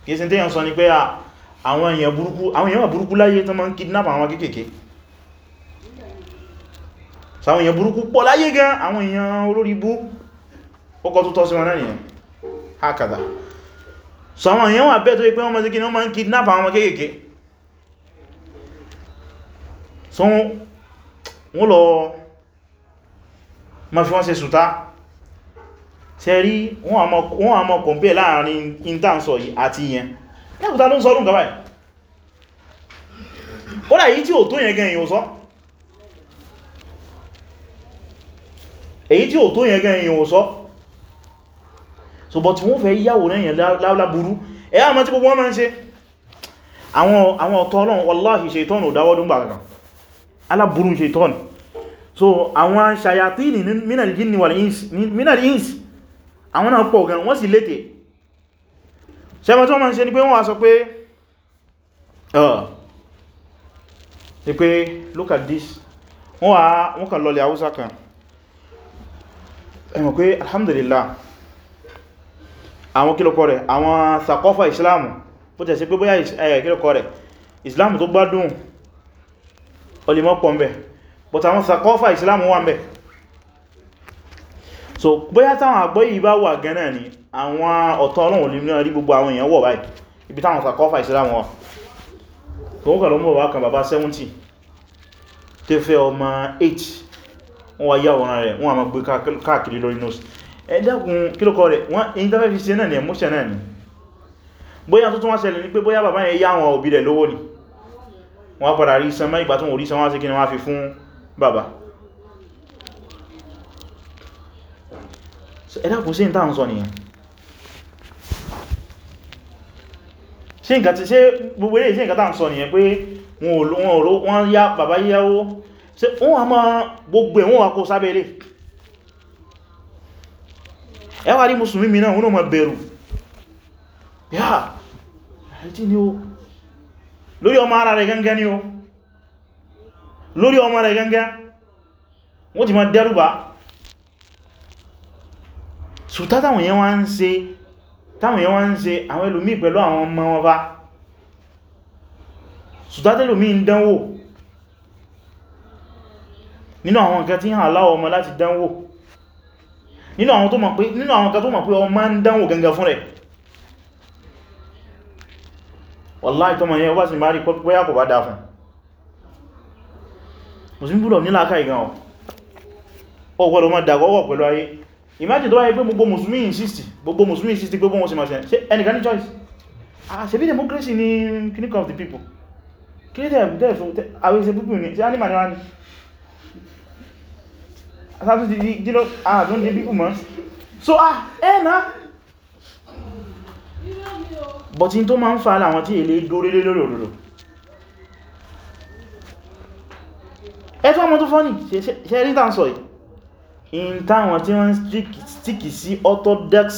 kìí sin téèyàn sọ ni pé ah, àwọn èèyàn burúkú láyé tó máa ń kidnap àwọn kéékèèké so àwọn èèyàn burúkú pọ̀ láyé gan àwọn èèyàn olórí ó kọ́ tó tọ́ sí wọn náà nìyẹn hákàdà so àwọn èèyàn wà bẹ́ẹ̀ tó pé wọ́n mọ́ sí kí ní wọ́n mọ́ ń kidnap àwọn ọmọ kéèkéé so wọ́n lọ ma fi wọ́n ṣe sùta ṣe rí wọ́n a mọ́ láàrin intanso àti ìyẹn lẹ́kùta ló ń sọ́rún gaba ẹ̀ ó tí ò tó yẹn gan èyàn sọ èyí tí ò tó yẹn gan èyàn sọ so but wọ́n fẹ́ yàwòrán yẹn lábúrú ẹ àmọ́ tí gbogbo wọn máa ń ṣe àwọn ọ̀tọ̀ Ọlọ́run wallahi ṣaitọ́nù dáwọ́dún bàrà kan aláburú ṣaitọ́nù so àwọn ṣayatini minal jinni wal ins minal ins àwọn náà pọ̀ gan wọ́n sì létè ṣẹ́mọ́ tí wọ́n máa ń ṣe ni pé wọ́n wá sọ pé ni pé look at this wọ́n wá wọ́n kàn lọlẹ̀ haúsá kan ẹ̀mọ̀ pé alhamdulillah àwọn kílòkọ rẹ̀ àwọn sàkọ́fà islamu bó tẹ̀ sí pé bóyá kílòkọ rẹ̀ islamu tó gbádùn olímọ́pọ̀ mẹ́ but àwọn sàkọ́fà islamu wà mẹ́ so bóyá táwọn àgbọ́ yìí bá wà gẹ́nà ni àwọn ọ̀tọ̀ ọlọ́run lè mìíràn rí islamu wà tòun kà ló mọ̀ 70 tẹ́fẹ́ ọmọ 8 wọ́n wá yáwòrán rẹ̀ wọ́n a ẹ̀dẹ́kùn kílòkọ́ rẹ̀ wọ́n ìntẹ́fẹ́ fi ṣe náà ni ẹ̀mọ́ṣẹ̀ náà ni bóyá tó tún wá ṣẹlẹ̀ ní pé bóyá bàbá yẹn yá àwọn òbí rẹ̀ lówó ni wọ́n padà rí san mọ́ ìgbà tó wọ́n rí san wá sí kí ni wọ́n fi fún bàbá ẹ̀dẹ́kùn sí ìntà ń sọ nìyàn ṣe nǹkan tí ṣe gbogbo ilé ìṣẹ́ nǹkan tàà ń sọ nìyàn pé wọ́n yá bàbá yáwó ṣe wọ́n a máa gbogbo ẹ̀wọ́n wa kó sábẹ́ ilé ẹ wá rí mùsùlùmí mìíràn wọn ma bẹ̀rù yá ẹ̀tí ni ó lórí ọmọ ara rẹ̀ gẹ́gẹ́ ni ó lórí ọmọ rẹ̀ gẹ́gẹ́ wọ́n ti ma dẹ́rùbá sùtá táwọn yẹn wá ń ṣe táwọn yẹn wá ń ṣe àwọn ẹlòmí pẹ̀lú àwọn ọmọ wọn bá sùtá tẹ́lòmí ń dánwò nínú àwọn nǹkan tí hàn láwọ ọmọ láti dánwò nínú àwọn tó mọ̀ pé nínú àwọn kan tó mọ̀ pé ọmọ ń dánwò gangan fún rẹ̀ wàláhì ìtọ́mọ̀ yẹn wá sí márì pẹ́yà kò bá dá fún musulmi gbọ́dọ̀ ní láàká ìgan ọ̀ ọgbọ́dọ̀ mọ́ dàgọ́wọ́ pẹ̀lú ayé imagine tó wáyé pé gbogbo musulmi insist gbogbo musulmi insist pé gbogbo musulmi ṣe ṣe ẹnìkan ní choice ah ṣe bí democracy ni clinic of the people kí ní tẹ́ àwọn ìṣẹ́ púpù ní ṣe sáàtún ti Ah, àdún dé bíkù mọ́ so ah ẹ́nà but in tó ma ń fa láwọn tí èlé dórélé lórí òdòdó ẹ̀tọ́ ọmọ tó fọ́nì ṣe rí tàn sọ ì in táwọn tí stick stick. sí orthodox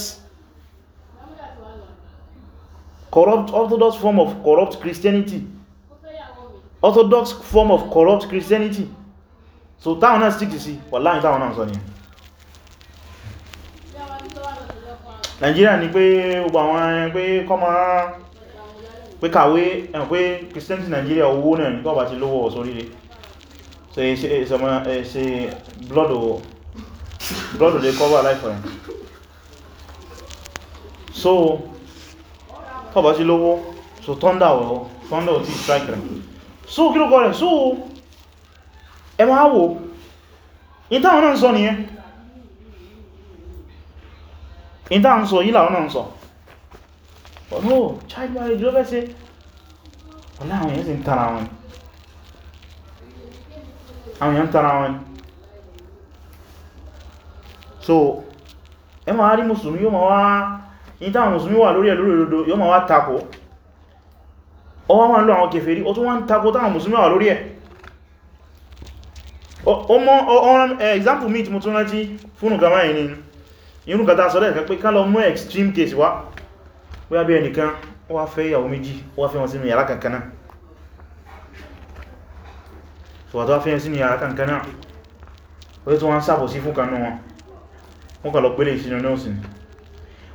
corrupt orthodox form of corrupt Christianity orthodox form of corrupt Christianity so táwọn náà stick sí wà láàrin táwọn náà sọ ni Nigeria ni pé gbogbo àwọn pé kọmọ pé kàwé ẹn pé Christianity Nigeria owó náà ní tọ́bà ti lówó ọ̀sọ́ ríre so ṣe blood o lè cover life rẹ̀ so tọ́bà ti lówó so thunder o thunder o ti strike rẹ̀ so kí ló kọ́ rẹ̀ so ẹ máa ìtàwọn náà ń sọ nìyẹn ìtàwọn sọ yí làwọn náà ń sọ ọ̀nà child marriage ló fẹ́ ọ̀lá àwọn èyàn sì ń tara wọn àwọn èyàn tara wọn so ẹ máa rí yóò máa wá ìtàwọn mùsùlùmí wà lórí ẹ̀ yóò máa wá takò ọwọ́ máa ń lọ àwọn kèfèrí ó tún wá ń takò táwọn mùsùlùmí wà lórí ẹ̀ ọmọ eh, example mi tí mo tún rántí fún ọgbàmá yìí ni irú kàtà sọ lẹ́ẹ̀kẹ́ pé ká lọ mú extreme case wá wíyá bí ẹnìkan ó wá fẹ́ ìyàwó o ó wá fẹ́ wọn sínú yàrá kankaná so wà tó wá fẹ́ wọn sínú yàrá kankaná ó tó wọ́n sàbọ̀ sí fúnkanú wọn wọ́n kà lọ pẹ́lẹ̀ ìsinú náà sí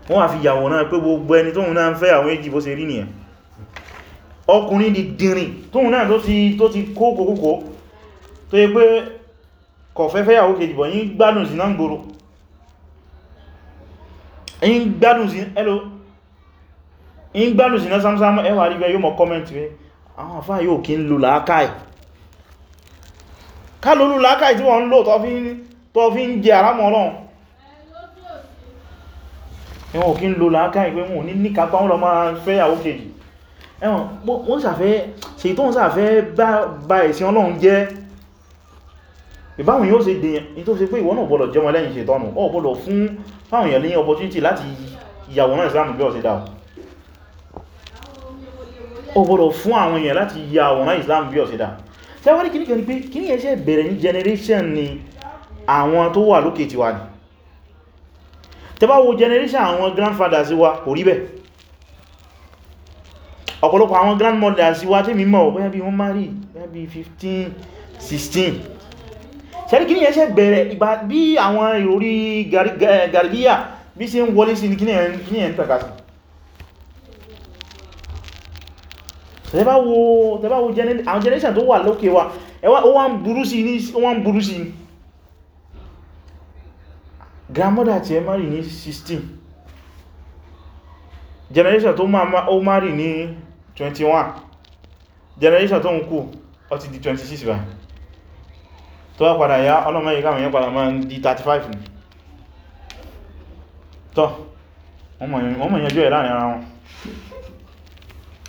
wọ́n wá fi yàwó náà pé gbogbo ẹni tóhun náà ń fẹ́ àwọn méjì bó ṣe rí nìyẹn ọkùnrin di dìrìn tóhun náà tó ti kókòkókò tó yẹ pé kọ̀fẹ́fẹ́ yàwó kejì bọ̀ yín gbádùn sí náà gbòrò yín gbádùn sí ẹlò yín gbádùn sí náà sámsámá ẹwà rí bẹ yóò mọ̀ kọ́mẹ́ntì rẹ àwọn àfáà yóò kí ń lò láákàì ká ló lò láákàì tí wọ́n ń lò tọ́ fi ń jẹ àrámọ̀ ọlọ́run ẹwọ̀n ò kí ń lò láákàì pé wọn ò ní níkàpá wọn lọ máa fẹ́ yàwó kejì ẹwọ̀n wọ́n sàfẹ́ ṣètò ń sàfẹ́ ìbáwọn yóò ṣe dìyàn ní tó ṣe pé ìwọ náà gbọ́dọ̀ jẹ́ wọn lẹ́yìn ṣètọ́nù o gbọ́dọ̀ fún fáwọn èèyàn lẹ́yìn opportunity láti yàwòrán Islam bí ó ṣe dá o gbọ́dọ̀ fún àwọn èèyàn láti yàwòrán Islam bí ó ṣe dá sẹ́wọ́n ní kìníkà ní pé kìní ẹ̀ṣẹ́ bẹ̀rẹ̀ ní generation ni àwọn tó wà lókè tiwa ni tẹbá wo generation àwọn grandfathers wa kò rí bẹ́ẹ̀ ọ̀pọ̀lọpọ̀ àwọn grandmothers wa tí mímọ̀ bóyá bí wọ́n marry bóyá bí 15 16 ṣẹ́rí kí ní ẹṣẹ́ bẹ̀rẹ̀ ìgbà bí àwọn ìròrí gàrígíyà bí ṣe ń wọlé sí kí ní ẹ̀ ń tàkàtì wo àwọn generation tó wà lókè wa ẹwà ó wá ń burú sí ní wọ́n burú sí grandmother ti ẹ marry ní 16 generation tó máa ó marry ní 21 generation tó ń kú ó ti di 26 báyìí tó wá padà yá ọlọ́mọ yìí káwọn yẹn padà máa ń di 35 ní tọ́ wọ́n mọ̀ yẹnjú ẹ̀ láàrin ara wọn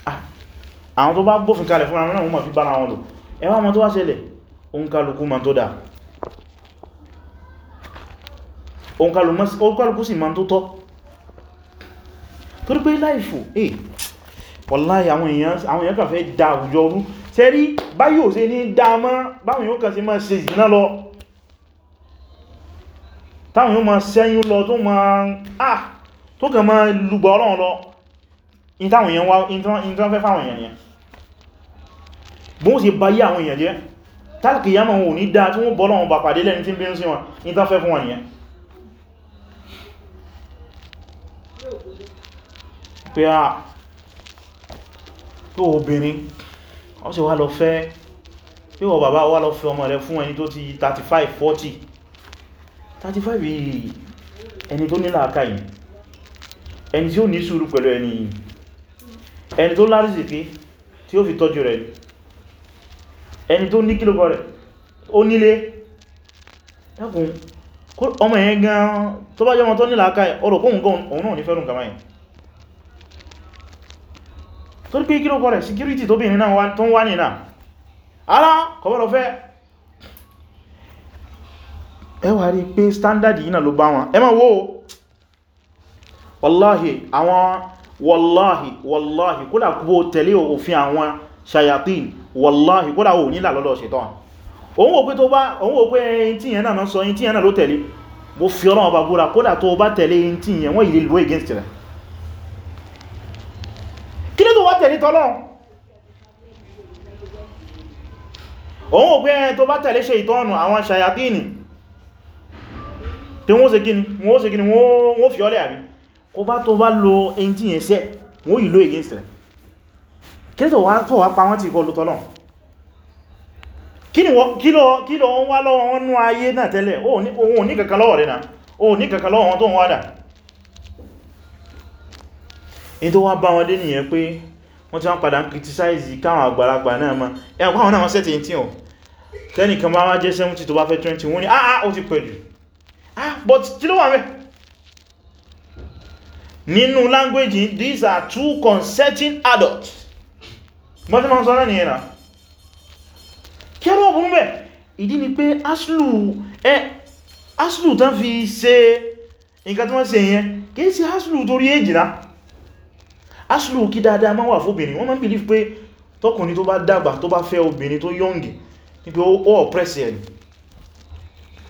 ah, àwọn tó bá gbófin kalẹ̀ fún àwọn ọmọ fi bára wọn lò ẹwà ọmọ tó wá ṣẹlẹ̀ oúnkálukú ma tó dà oúnkálukú sì ma tó tọ́ torípé láìfò eh wọ́láyà àwọn èèyàn kàfẹ́ dá àwùjọ orú sẹ́rí báyíò ṣe ní dámọ́ báwọn yóò kàn sí máa ṣe ìdínà lọ táwọn yóò máa sẹ́yún lọ tó máa ah tó kàn máa lùgbọ́ ọlọ́run lọ in táwọn èèyàn wá in fẹ́ fáwọn yẹn bóò a tó obìnrin ó sì wá lọ fẹ́ pé wọ bàbá wá lọ fẹ́ ọmọ rẹ fún ẹni tó ti 35 40 35 yìí ẹni tó nílà aka yìí ẹni tí ó ní sùúrù pẹ̀lú ẹni yìí ẹni tó lárísìkí tí ó fi tọ́jú rẹ̀ ẹni tó ní kílùkọ rẹ̀ ó nílé dákùn ọmọ yẹn gan tó bá jẹ́ ọmọ tó nílà aka yìí ọ̀rọ̀ kóhùn gan òun náà ní fẹ́rùn kàmáyìí torí pé kílòkọ́ rẹ̀ security tó bìnrin náà tó ń wá ní náà ara kọ̀bọ̀lọ̀ fẹ́ ẹwà rí pé standard yìí náà ló bá wọn ẹ máa wò wàláhì àwọn wàláhì wàláhì kódà kúbò tẹ̀lé òfin àwọn shayatin wàláhì kódà ò nílà lọ́dọ̀ ṣetán òun wò pé tó bá òun wò pé ẹyìn tí yẹn náà sọ ẹyìn tí yẹn náà ló tẹ̀lé mo fi ọlọ́wọ́ bá tẹ̀lé tọ́lọ́run òun ò pé ẹni tó bá tẹ̀lé ṣe ìtọ́nù àwọn ṣayàtíìnì tí wọ́n ṣe gíní wọ́n ṣe gíní wọ́n fi ọlẹ́ àrí kó bá tó bá lo ẹni tí yẹn sẹ́ wọ́n yìí ló against rẹ̀ kí tó wá pa wọ́n ti kọlu tọ́lọ́run kí lọ wá lọ́wọ́ wọn nú ayé náà wọ́n ti wọ́n padà ń criticize káwọn àgbàlagbà náà ma ẹgbà wọn náà sẹ́tì tí ọ̀ tẹ́nìkan bá wá jẹ́ 70 tó bá fẹ́ 20 wọ́n ni ah, ah ó ti pẹ̀lú ah but kí ló wà mẹ́ nínú language these are two consenting adults mọ́tí ma ń sọ náà ni ẹ̀nà kí ẹ̀rọ ọ̀bùn mẹ́ ìdí ni pé aslu ẹ aslu tán fi ṣe nǹkan tí wọ́n ṣe yẹn kìí ṣe aslu torí èjìlá aṣílù kí dáadáa máa wà fóbìnrin wọ́n máa ń believe pé tọkùnrin tó bá dàgbà tó bá fẹ́ obìnrin tó yọ́ǹgì ní pé ó ọ̀pẹ́sì ẹni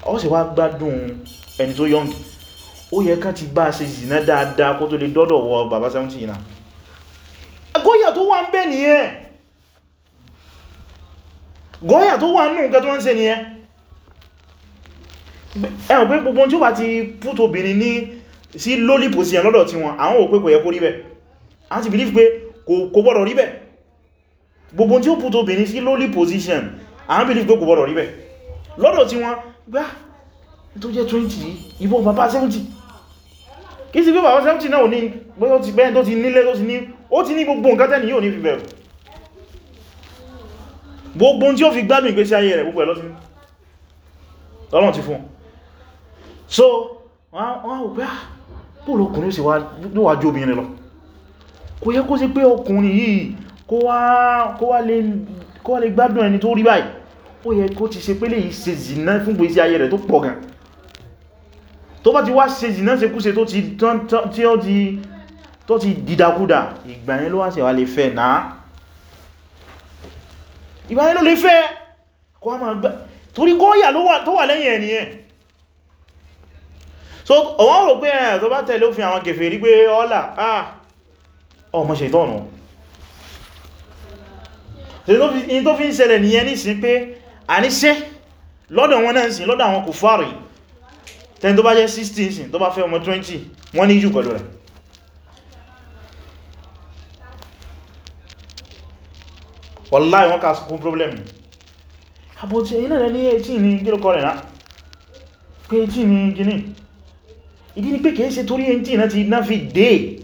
ó sì wá gbádùn ẹni tó yọ́ǹgì ó yẹ kán ti bá ṣe zìnà dáadáa kó tó lè dọ́dọ̀ wọ bàbá 70 yìí náà gọ́yà tó wà ń bẹ́ nìyẹn gọ́yà tó wà ń nù nǹkan tó ń ṣe nìyẹn ẹ̀rùn pé gbogbo tí ó bá ti pútó obìnrin ní sí lólìpòsí ẹ̀ lọ́dọ̀ tí wọn àwọn òpépò yẹ kó rí bẹ́ẹ̀ a ti believe pé kò gbọ́dọ̀ rí bẹ̀ gbogbo tí ó put obìnrin sí lowly position a ń believe pé kò gbọ́dọ̀ rí bẹ̀ lọ́dọ̀ tí wọ́n gbá tó jẹ́ 20 ìbọn bàbá 70 kí sí pé bàbá 70 náà ní bóyọ́ ti bẹ́ẹ̀ tó ti nílé ó ti ní gbogbo nǹkan tẹ́ni yóò ní fi bẹ̀rù gbogbo tí ó fi gbádùn ìgbésí ayé rẹ̀ gbogbo ẹ̀ lọ́tí ọlọ́run ti fún so wọ́n wọ́n wọ́n pẹ́ pòlò ah, ọkùnrin ó sì wá jó obìnrin lọ kò yẹ kó ṣe pé ọkùnrin yìí kó wá lè gbádùn ẹni tó rí báyìí ó yẹ kó ti ṣe pé lè ṣe zìnà fún gbèsè ayé rẹ̀ tó pọ̀ gan tó bá ti wá ṣe zìnà ṣe kúṣe tó ti dìdàkúdà ìgbà ló wá ṣe wá lè fẹ́ náà ìgbà ló lè fẹ́ kó wá máa gbá torí gọ́ọ̀yà tó wà lẹ́yìn ẹni ẹ̀ so ọwọ́n rò pé ẹ̀ tó bá tẹ̀lé òfin àwọn kèfèrí pé ọlà ah ọmọ ṣètọ́nù in tó fi ń ṣẹlẹ̀ nìyẹn ní sí pé a ní ṣe lọ́dọ̀ wọn náà sí lọ́dọ̀ àwọn kùfàrí tẹni tó bá jẹ́ 16 sin tó bá fẹ́ ọmọ 20 wọ́n ní jù pẹ̀lú rẹ̀ wọ́láì wọ́n ká sọkún problem àbòtí ilẹ̀ rẹ̀ ní 18 ní gílùkọ́ rẹ̀ náà pé 18 ní gíní ìdí ni pé kìí ṣe torí 18 náà ti náà fi dé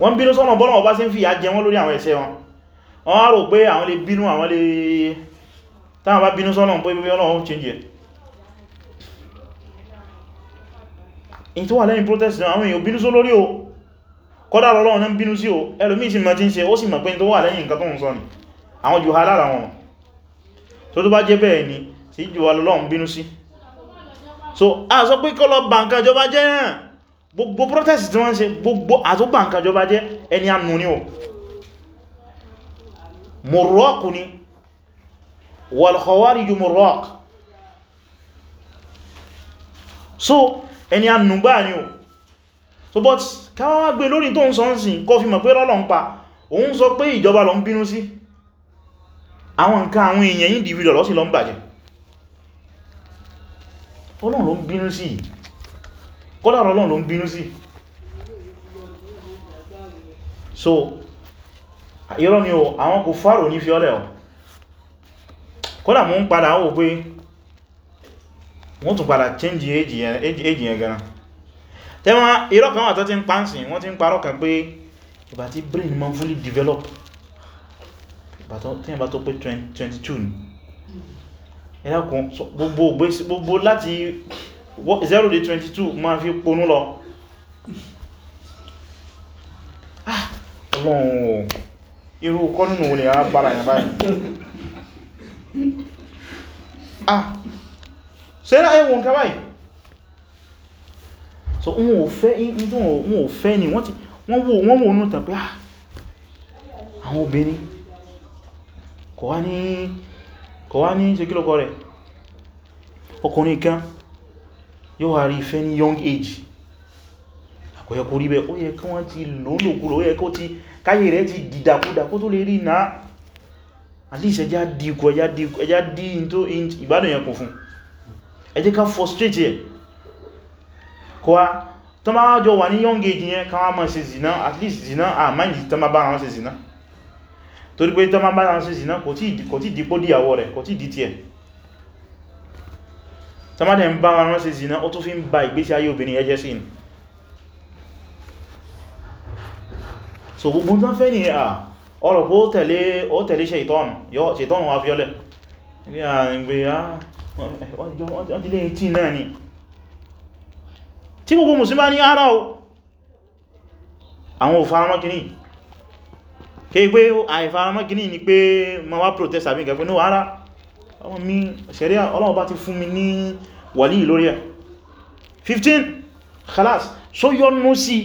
wọ́n bínú sọ́nà bọ́lọ̀ ọba sí ń fi ìyà wọ́n lórí àwọn ẹ̀ṣẹ̀ wọn wọ́n rò pé àwọn lè bínú àwọn lè táwọn bá bínú sọ́nà pé bí ọlọ́run change ẹ̀ in tó wà lẹ́yìn protest náà àwọn èèyàn bínú só lórí o kọ́dá lọ́lọ́run bínú sí o gbogbo protest tí wọ́n ṣe gbogbo àtúgbà nǹkan jọba jẹ́ ẹni ànú ní o Morocco ni wal khawarij Morocco so ẹni ànú gbá ní o so but káwọn wá gbé lórí tó ń sọ ń sìn kọ́ fi mọ̀ pé rọ́lọ̀ ń pa òun sọ pé ìjọba lọ ń bínú sí àwọn nǹkan àwọn èèyàn individual lọ́sí lọ ń bàjẹ́ Ọlọ́run ló ń bínú sí yìí kọ́lá Ọlọ́run ló ń bínú sí so irọ́ ni o àwọn kò fárò ní fi ọlẹ̀ ọ̀ kọ́lá mú ń padà wò pé wọ́n tún padà change age yẹn gan tẹ́wọ́n irọ́ kan wà tó ti ń pánsìn wọ́n ti ń parọ́ kan pé ìgbà tí brain ma fully develop tí ìbá tó pé 22 ni ẹ̀dàkùn gbogbo láti 0-22 ma fi ponú lọ ah! ọlọ́run irú kọ́nù olè a bára yà báyìí ah ṣe náà ẹwọ̀n ká báyìí so wọn ò fẹ́ wọn ò fẹ́ ni wọ́n wọ́n wọ́n nù tàbí ah! àwọn obìnrin kọ̀wá ní ṣe kílọ̀kọ́ rẹ̀ ọkùnrin kan yóò ha rí fẹ́ ní young age kò rí bẹ́ ó yẹ ti lòólòkúrò ó yẹ kó ti káyè rẹ̀ ti dìdàkúdà kó tó lè rí náà àlíṣẹ́ ẹjá dìkù ẹjá dí tó ìbádùn yẹn kò fún ẹ ká frustrate ẹ̀ kọ́ tó máa jọ wà ní young age yẹn ká wá zina at least zina ah tó máa bá wọn zina torí tó máa bá wọn ṣe zina kò tí díyàwó rẹ̀ kò tí tàbí ń bá wọn sí zina ó tó fi ń ba ìgbésí ayé obìnrin ẹjẹ́ sí ni so gbogbo tán fẹ́ ni à ọ̀rọ̀ pé ó tẹ̀lé ṣètọ́nù wa fiọ́lẹ̀ ní àgbé ọdílé tí náà ni tí gbogbo musulman ní ara o àwọn òfaramọ́kìní kí pé àìfaramọ́kìní ni pé ma wá protest àbí ìgbẹ̀gbẹ̀ ní ara àwọn mi ṣẹ̀ríà ọlọ́ọ̀bá ti fún mi ní wàlí lórí ẹ̀ 15 khalas so yọnú sí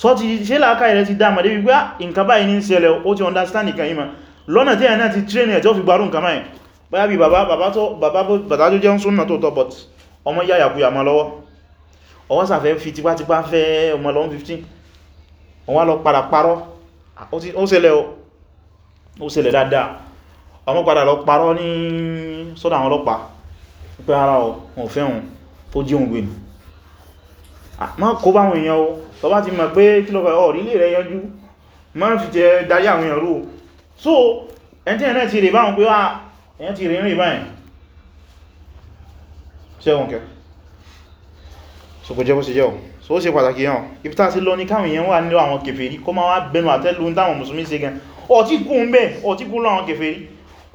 so ti ṣe láàká ilẹ̀ ti dáa màdé wípé ah, nǹkan báyìí ní ṣẹlẹ̀ ó ti understand nǹkan ìmọ̀ lọ́nà tí ẹ̀nà ti train ẹ̀ tó fi gbárùn nǹkan báyìí báyá bí bàbá bàbá tó jẹ́ ń súnnà tó tọ́ but ọmọ yáyàkúyà ma lọ́wọ́ ọwọ́ sàfẹ́ fi tipátipá fẹ́ ọmọ lọ́n 15 ọwọ́ lọ padà parọ́ ah, ó ṣẹlẹ̀ ó ṣẹlẹ̀ dáadáa àwọn padà lọ parọ́ ní sọ́dọ̀ àwọn ọlọ́pàá pé ara wọn fẹ́ wọn tó jí òun gbé ní ma kó bá àwọn èèyàn o tó bá ti mọ̀ pé kí lọ fẹ́ ọ̀rílẹ̀ yanjú ma ń fi jẹ darí àwọn èèyàn rú so ẹni tí ẹ̀rẹ́ ti rè báwọn pé wá ẹ̀yẹn ti rè ń rè báyìí so kò jẹ́ bó ṣe jẹ́ o so ó ṣe pàtàkì yàn ibi tá sí lọ ní káwọn èèyàn wà nílò àwọn kèfèrí kó má wá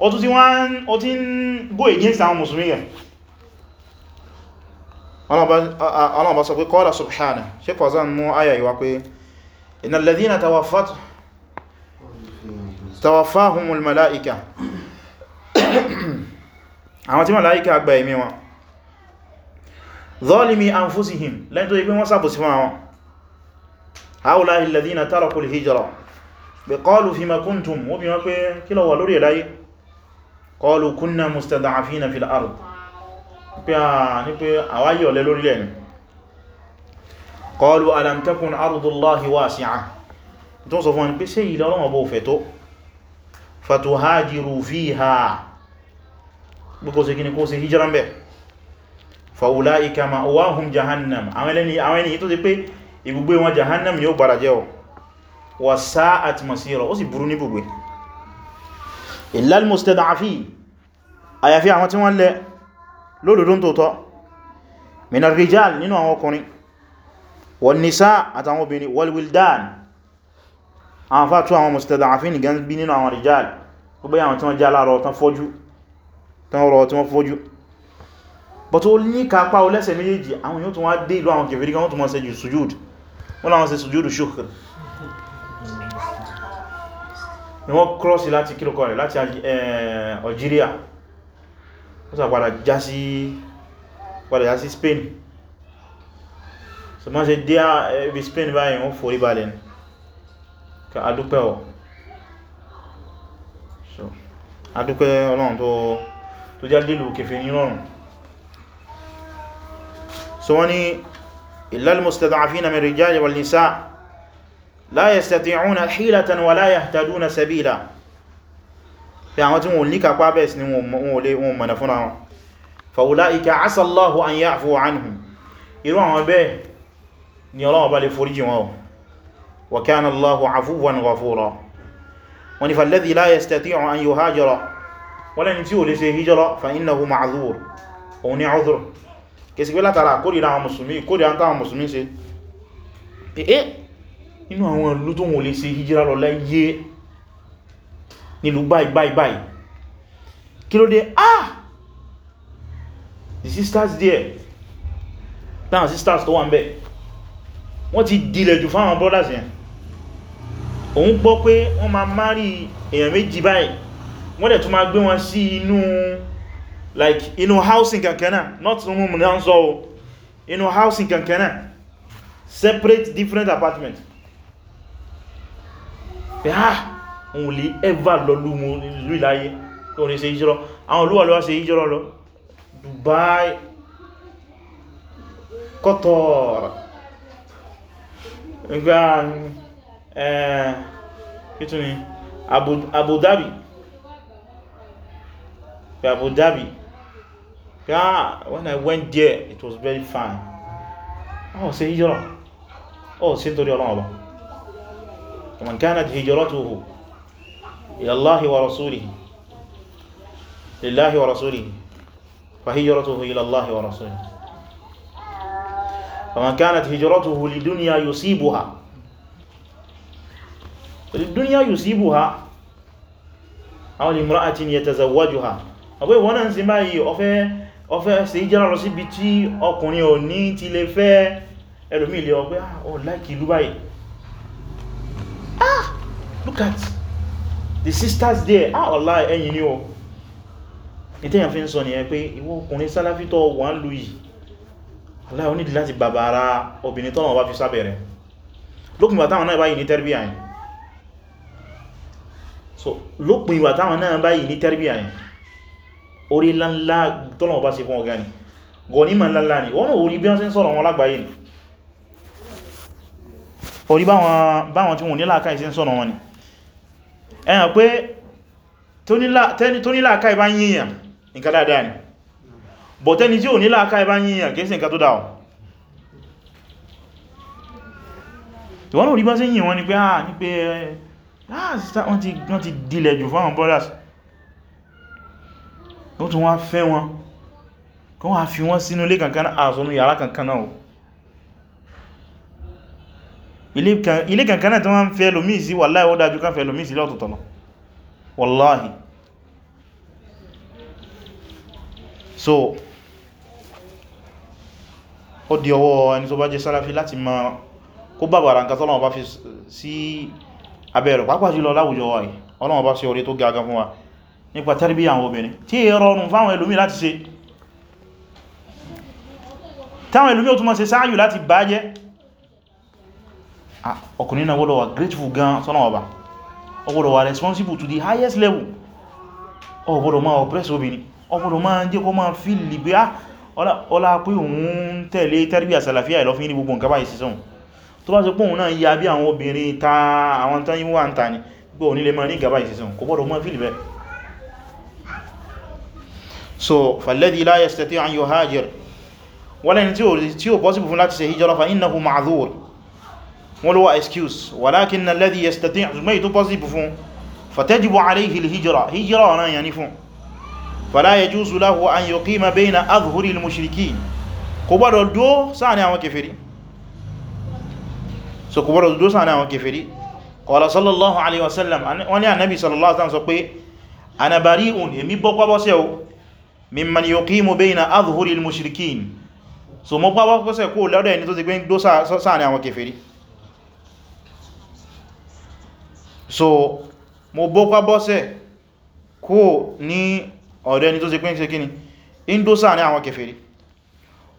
ó tún ti wọ́n ó ti ń go against àwọn musulmi rẹ̀ ọlọ́ọ̀bá sọ pé qala subhana ṣe kọ̀ zan mú ayà ìwá pé innal ladhina tawaffahumul mala'ika àwọn tí mala'ika gba ẹ̀mí wọn zalimi anfusihim lẹ́yìn tó yí pé wọ́n ṣàbòsí fún àwọn haula'i alladhina tarakul qalu kunna mustada'afina fil ard pé a ní pé àwáyé ọ̀lẹ́ lórílẹ̀ ni qalu alam takun ardullahi wasi'a tó sọ fún pé ṣe ilẹ̀ ọlọ́wọ́ bó fẹ̀ tó fatuhajiru fiha gbogbo ṣe gini kó ṣe hijira mbẹ̀ fa ulaika ma'wahum jahannam àwọn ẹni tó ti pé ibùgbé wọn jahannam yóò bàrà jẹ́ wa sa'at masira ó sì burú ní ibùgbé illa al-mustad'afin àyàfi àwọn tí wọ́n lẹ lódòdó tótọ́ min ar-rijal nínú àwọn ọkùnrin wan nisaa àtàwọn obìnrin wal wildan àwọn fàtú àwọn mustad'afin gan bí nínú àwọn rijal ó bẹ́ àwọn tí wọ́n já láàrọ̀ tán fọ́jú tán rọ̀ tí wọ́n fọ́jú bọ̀ tó ní kápá olẹ́sẹ̀ méjèèjì àwọn yóò tún wá dé ìlú àwọn kèfèrí kan tún mọ́ ṣe sujúd wọ́n láwọn ṣe sujúdù ni wọ́n kírọ́sì láti kírókọ rẹ̀ láti eh, Algeria wọ́n sà padà já sí padà já sí Spain so ma ṣe dé ah, eh, ibi Spain báyìí wọ́n forí balẹ̀ ní ká adúpẹ́ ọ̀ so adúpẹ́ Ọlọ́run tó já lílù kèfè ní rọrùn so wọ́n ni illal mustada'afina min rijali wal nisa' la yastati'una hilatan wa la yahtaduna sabila pé àwọn tí wọ́n ní kàpá bẹ́ẹ̀ sí ni wọ́n lè wọ́n mọ̀nà fún àwọn fa ulaika asa Allahu an ya'fu anhum irú àwọn bẹ́ẹ̀ ni Ọlọ́run bá lè foríjì wọn wa kana Allahu afuwan ghafura wọ́n ni falladhi la yastati'u nínú àwọn ìlú tó wọ́n lè ṣe hijira lọ láyé nílùú báyìí báyìí báyìí kí ló dé ah the sisters there náà sisters tó wà ń bẹ̀ wọ́n ti dilẹ̀ jù fáwọn brothers yẹn òun gbọ́ pé wọ́n ma márì èèyàn méjì báyìí wọ́n dẹ̀ tún ma gbé wọn sí inú like inú housing kankana not room náà sọ inú housing kankana separate different apartment pé ah òun lè ever lọ lúmù ìlú ìláyé pé òun lè ṣe ìjọ́rọ̀ àwọn olúwà lọ́wọ́ ṣe ìjọ́rọ̀ lọ Dubai Qatar nígbà ẹ̀ẹ́kítúni Abu Dhabi pé Abu Dhabi pé ah when I went there it was very fine ọ̀ ṣe ìjọ́rọ̀ ọ̀ ṣe nítorí ọlọ́wọ́ ومن كانت هجرته إلى الله ورسوله لله ورسوله فهجرته إلى الله ورسوله ومن كانت هجرته لدنيا يصيبها لدنيا يصيبها أو لامرأة يتزوجها أبوي وانا نسمع ọfẹ́ ọfẹ́ sí ìjára lọ síbi tí ọkùnrin ò ní ti lè fẹ́ ẹlòmí ilẹ̀ ọgbẹ́ ọ̀ láìkì ah look at the sisters there ah Allah ẹ̀yin ni o ní tẹ́yàn fi ń sọ nìyẹn pé ìwọ ọkùnrin Salafi tó wà ń lú yìí Allah ó nídi láti bàbá ara obìnrin tọ́nà wá fi sábẹ̀rẹ̀ lópin ìwà táwọn náà báyìí ní yìí so lópin ìwà táwọn náà báyìí ní tẹ́rbíà yìí orí láńlá tọ́nà wá sí fún ọ̀gá ni gọ̀nímà láńlá ni wọ́n orí bí wọ́n sí ń sọ̀rọ̀ wọn lágbàáyé ni orí báwọn tí wọ́n ní làákàí sí ń wọn ni ẹ̀yàn pé tó ní làákàí bá yíyàn nǹkan dáadáa ni bọ̀ tẹ́ni tí ò ní làákàí bá yíyàn kìí sí nǹkan tó dáa ìwọ́n orí bá sí yìn wọn ni pé ah ní pé wọ́n ti dilẹ̀ jù fáwọn brothers ó tún wá fẹ́ wọn kọ́ wá fi wọ́n sínú ilé kankan àsọnù yàrá kankan náà ilé kankan náà tí wọ́n ń fẹ́ lómí sí wàláhì ó dájú kan fẹ́ lómí sí lọ́tọ̀tọ̀ lọ wàláhì so ó di ọwọ́ ẹni tó bá jẹ́ sàláfí láti ma kó bàbàrà nǹkan tọ́lọ́wọ́ bá fi sí abẹ́rẹ̀ pàápàá jùlọ láwùjọ wa yìí Ọlọ́run bá ṣe orí tó gaga fún wa nípa tẹ́rìbí àwọn obìnrin tí è rọrùn fáwọn ẹlòmí láti ṣe táwọn ẹlòmí ò túnmọ̀ ṣe sáàyù láti bàjẹ́ Ah, ọkùnrin náà gbọ́dọ̀ wà grateful gan sọ́nà ọba ó gbọ́dọ̀ responsible to the highest level ó gbọ́dọ̀ máa oppress obìnrin ó gbọ́dọ̀ máa jẹ́ kó máa feel libe ah, á ọlá pé òun tẹ̀lé tẹ́rbíà sàlàfíà ìlọ́fin ní gbogbo nǹkan báyìí sí sọ́hun tó bá ta àwọn tán yíwá ń ta ni gbọ́ onílé máa ní gàbáyìí sí so falladhi la yastati' an yuhajir wọ́n lẹ́ni tí ó possible fún láti ṣe hijira fa innahu wọ́n ló wà excuse walakin alladhi yastati' ṣùgbọ́n ìtò possible fún fatajibu alayhi al-hijra hijra ọ̀nà yà ní fún fala yajuzu lahu an yuqima bayna adhhuri al-mushrikin kò gbọ́dọ̀ dó sáàni àwọn kèfèrí so kò gbọ́dọ̀ dó sáàni àwọn kèfèrí qala sallallahu alayhi wa sallam wọ́n ní annabi sallallahu alayhi wa sallam sọ pé ana bari'un èmi àwọn kèfèrí so mo bọ́pá bọ́sẹ̀ kó ní ọ̀dọ̀ ẹni tó ṣe pín ṣe kíni indosa ní àwọn kèfèrí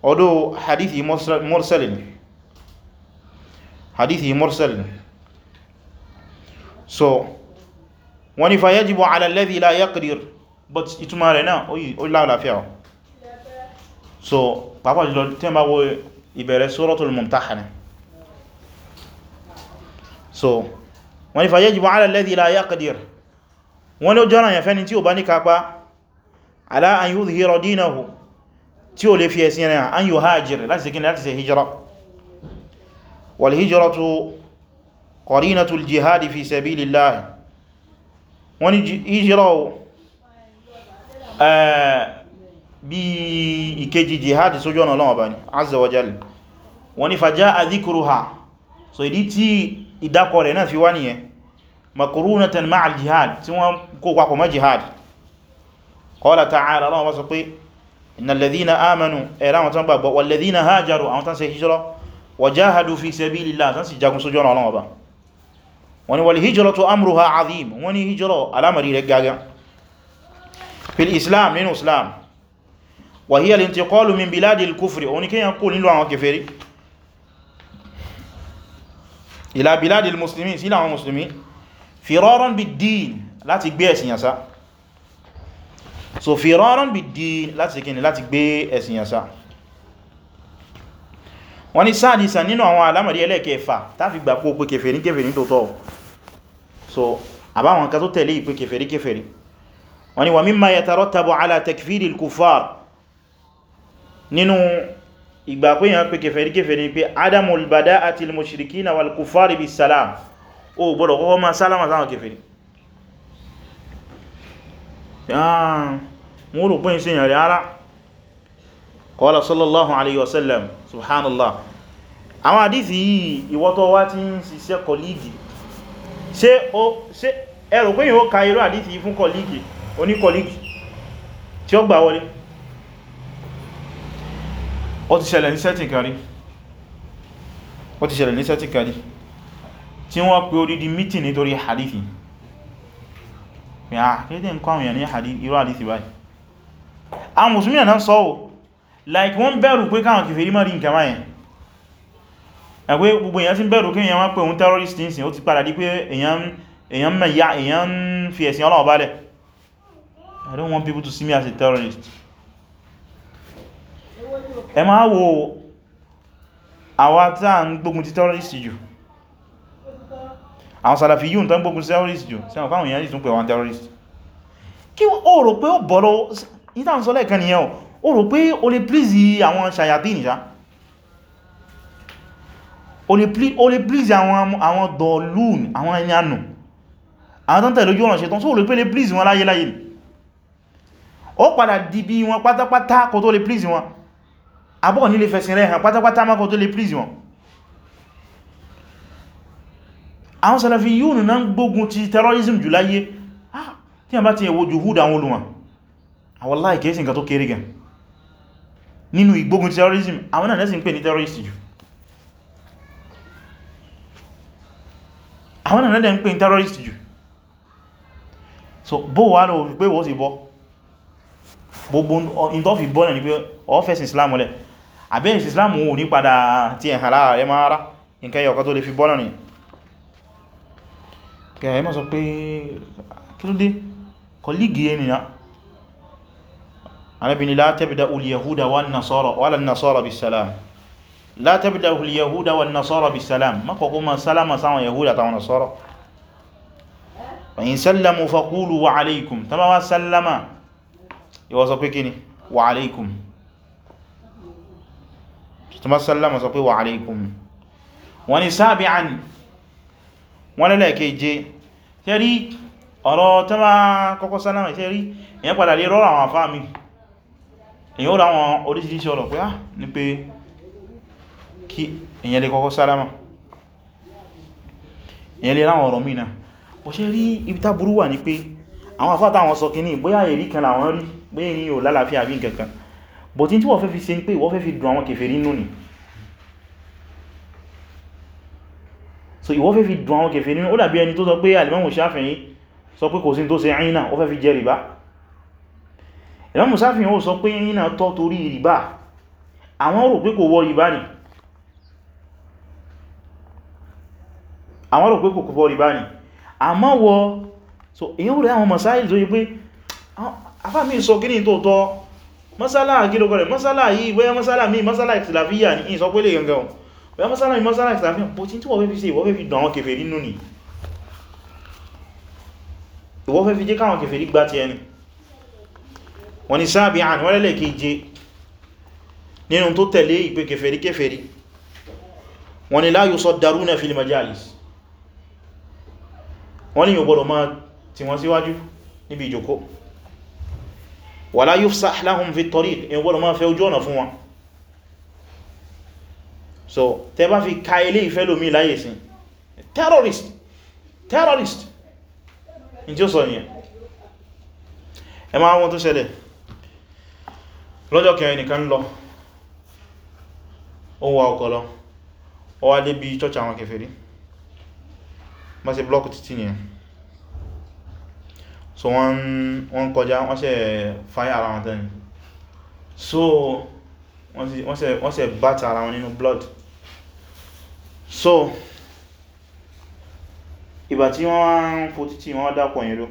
ọdọ́ hadithi mursalin hadithi mursalin so wọ́n ni fayajibu ala alladhi la yaqdir but ìtumà rẹ̀ náà ó láàláfíà so pàápàá jùlọ tí ma wo ìbẹ̀rẹ̀ suratul mumtahana so wọ́n ni fayajibu ala alladhi la yaqdir wọ́n ni ó jọ́nà yẹn fẹ́ni tí ó bá ní kápá ala an yudhhira dinahu tí ó lè fi ẹ̀sìn rẹ̀ an yuhajir láti sẹ́kín láti sẹ́ hijira wal ni azza wa jalla wọ́n ni so ìdí tí ìdákọ̀ rẹ̀ náà fi wá nìyẹn makurunatan ma'al jihad tí wọ́n kó papọ̀ mọ́ jihad qala ta'ala Allah wọ́n sọ pé innal ladhina amanu ẹ̀rá wọn tán gbàgbọ́ wal ladhina hajaru àwọn tán ṣe hijira wa jahadu fi sabilillah tán sì jagun sójú ọ̀nà Ọlọ́run Ọba wọ́n ní wal hijratu amruha azim wọ́n ní hijira alamari rẹ̀ gaga ila biladil muslimin sí àwọn musulmi firaran bid-din láti gbé ẹ̀sìn yànsá so firaran bid-din láti kíni láti gbé ẹ̀sìn yànsá wọ́n ní sáàdìsà nínú àwọn alámọ̀rí ẹlẹ́kẹfà tàbí gbà pé ìgbà pé yàn pé kèfèrí kèfèrí pé adamul bada'atil mushrikina wal kufari bis salam o gbọ́dọ̀ kọ́kọ́ ma sálámà sáwọn kèfèrí wọ́n ah, rò pín sí yàn rí ara qala sallallahu alayhi wasallam subhanallah àwọn àdífì yìí ìwọ́tọ́ wá ti ń ṣiṣẹ́ kọlígì ṣe ẹ̀rọ pé yàn ó ka irú àdífì fún kọlígì oní kọlígì tí ó gbà wọlé ó ti ṣẹlẹ̀ ní setting kari ó ti ṣẹlẹ̀ ní setting kari tí wọ́n pè odidi meeting nítorí hadithi ya ah, kéde n kọwàá ní irú hadithi báyìí a musulmi náà sọ́wọ́ like wọ́n bẹ̀rù pé káwọn kìfèrí mọ́ rí nǹkan máyẹ̀ ẹgbẹ́ gbogbo èyàn ti bẹ̀rù kí èyàn wá pé òun terrorist ní sin ó ti padà di pé èyàn mẹ́yà èyàn fi ẹ̀sìn ọlọ́ọ̀bálẹ̀ I don't want people to see me as a terrorist ẹ máa wo àwa tí a ń gbógun ti terrorist jù àwọn sàlàfí yíò tán gbógun ti terrorist jù sí àwọn fáwọn èèyàn ìtún pè wọn terrorist kí o rò pé ó bọ̀rọ̀ ìtànsọ́lẹ̀ kan nìyẹn o rò pé o lè please àwọn ṣàyàtìn ìṣá o lè please àwọn dọ̀lún àwọn ẹni ànù àwọn tán tẹ̀lójú ọ̀nà ṣetán só o lè pé lè please wọn láyé láyé ó padà di bí wọn pátápátá kò tó lè please wọn abọ́ nílé fẹ̀sìn rẹ̀ hàn pátápátá mákọ̀ tó lè please wọn àwọn Salafi yíò nà ń gbógun ti terrorism jù láyé ah, tí a bá ti ẹ̀wọ̀ juhud àwọn olùmọ̀ wallahi kìí sí nǹkan tó kéré gan nínú ìgbógun ti terrorism àwọn náà nẹ́sìn pè ní terrorist jù àwọn náà nẹ́dẹ̀ ń pè ní terrorist jù so bó wà lọ pé wọ́n sì bọ́ gbogbo ìdọ́fì bọ́ náà ni pé ọ́fẹ́sì islam lẹ́ àbẹ́ ìsì islam wò ní padà tí ẹ̀hàn lára rẹ máa rá nǹkan yọ̀kọ́ tó lè fi bọ́nà ni kẹ̀ẹ̀ mọ́ sọ pé kí ló dé kọlígì ènìyàn anábìnrin la tabda'u al-yahuda wan-nasara wala an-nasara bis-salam la tabda'u al-yahuda wan-nasara bis-salam makọ̀kọ́ tó bá sallama sọ pé wa alaikum wọ́n ni sáàbí àní wọ́n lẹ́lẹ̀ keje tẹ́ rí ọ̀rọ̀ tó bá kọ́kọ́ sallama tẹ́ rí èyàn padà lè rọ́rọ̀ àwọn àfáà mi èyàn ó ráwọn oríṣiríṣi ọ̀rọ̀ pé á ah, ní pé kí èyàn lè kọ́kọ́ sallama èyàn lè but in tí wọ́n fẹ́ fi ṣe ni pé ìwọ fẹ́ fi dùn àwọn kèfèrí nú ni so ìwọ fẹ́ fi dùn àwọn kèfèrí nú ó dàbí ẹni tó sọ pé alimamu Shafi'i sọ pé kò sí tó ṣe àyínà ó fẹ́ fi jẹ rìbá alimamu Shafi'i ó sọ pé àyínà tọ́ torí rìbá àwọn rò ah, tọ́ masala gílógọ́ rẹ̀ masala yìí bóyá masala mi masala ìtìlàfíyà ní ìsọ pé lè gangan wọn bóyá masala mi masala ìtìlàfíyà bó tí tí wọ́n fẹ́ fi ṣe ìwọ́n fẹ́ fi dán àwọn kèfèrí nínú ni ìwọ́n fẹ́ fi jẹ́ káwọn kèfèrí gbá ti ẹni wọ́n ni sáàbí àn wọ́n lẹ́lẹ̀ keje tele tó tẹ̀lé ìpé kèfèrí kèfèrí wọ́n ni la na fil majalis wọ́n ni yóò gbọ́dọ̀ máa tí wọ́n síwájú níbi ìjókòó wala yufsah lahum fi tariq ẹ wọ́n ma fẹ́ ojú ọ̀nà fún wọn so tẹ bá fi ka ilé ìfẹ́ lómi láyé sí terrorist terrorist in tí ó sọ nìyẹn ẹ máa wọn tó ṣẹlẹ̀ lọ́jọ́ kẹrin nìkan lọ ó wà ọkọ̀ lọ ó wá àwọn kèfèrí má ṣe blọ́kù títí nìyẹn so wọ́n kọjá wọ́n ṣe fire ara wọn tán so wọ́n ṣe báta ara wọn nínú blood so ìgbà tí wọ́n wá ń fò títí wọ́n dápọ̀ ìrò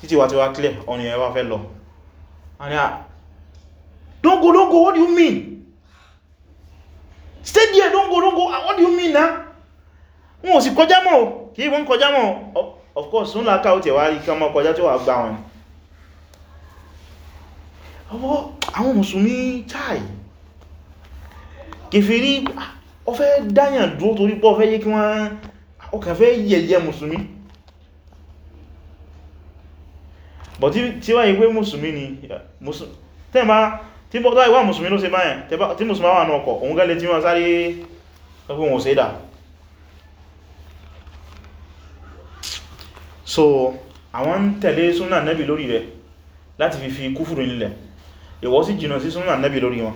títí wà tí wá clear ọ̀nà ẹ̀wà fẹ́ lọ don't go don't go what do you mean stay there don't go don't go what do you mean na wọ́n ò sì kọjá mọ́ kìí wọ́n kọjá mọ́ of course sún láká ó tẹ̀ wá rí kí ọmọ kọjá tí wà gbá wọn ọwọ́ àwọn musumi chai kèfèrí ó fẹ́ dáyàn dúró torí pọ́ fẹ́ yé kí wọ́n ó kàn fẹ́ yẹ̀yẹ mùsùlùmí bọ̀ tí wáyé pé mùsùlùmí ni tẹ́mà tí bọ́dá ìwà mùsùlùmí ló ṣe báyẹn tí mùsùlùmí wà náà kọ̀ òun gẹ́lẹ̀ tí wọ́n sáré ọgbọ̀n òṣèdà so àwọn ń tẹ̀lé súnà nẹ́bì lórí rẹ̀ láti fi fi kúfùrù nílẹ̀ ìwọ sì jìnà sí súnà nẹ́bì lórí wọn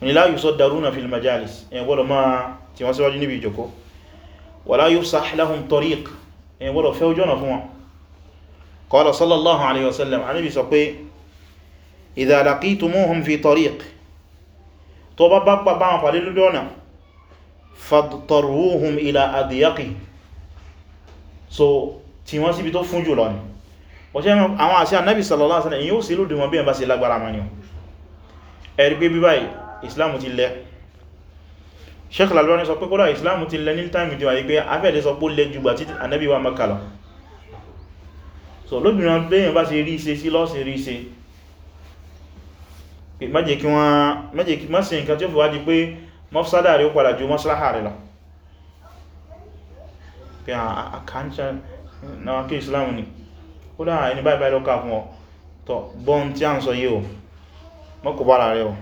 ni la yusaddaruna fil majalis ẹ̀yìn gbọ́dọ̀ máa tí wọ́n síwájú níbi ìjòkó wala yufsah lahum tariq ẹ̀yìn gbọ́dọ̀ fẹ́ ojú ọ̀nà fún wọn qala sallallahu alaihi wasallam anábi sọ pé idha laqitumuhum fi tariq tó so tí wọ́n síbi tó fún jù lọ ni ọ̀ṣẹ́ àwọn àṣẹ Ànábì sallallahu alaihi wasallam èyí ó sí lódì wọn bí ẹ̀bá sí lágbára ma ni ẹ̀rí pé bí báyìí Islam ti lẹ Sheikh Al-Albani sọ pé kódà Islam ti lẹ ní time ìdíwà yìí pé afẹ́ẹ̀dẹ́ sọ pé ó lẹ jù gbà so lódì wọn bí ẹ̀bá sí rí ṣe sí lọ́sìn rí ṣe má jẹ́ kí wọ́n má sí nǹkan tí ó fi pé àkáńṣà náà kí islam ni ó dá ẹni báyìí báyìí lọ́kà fún ọ tọ́ gbọ́n tí a ń sọ yìí o mọ́kù bára rẹ̀ o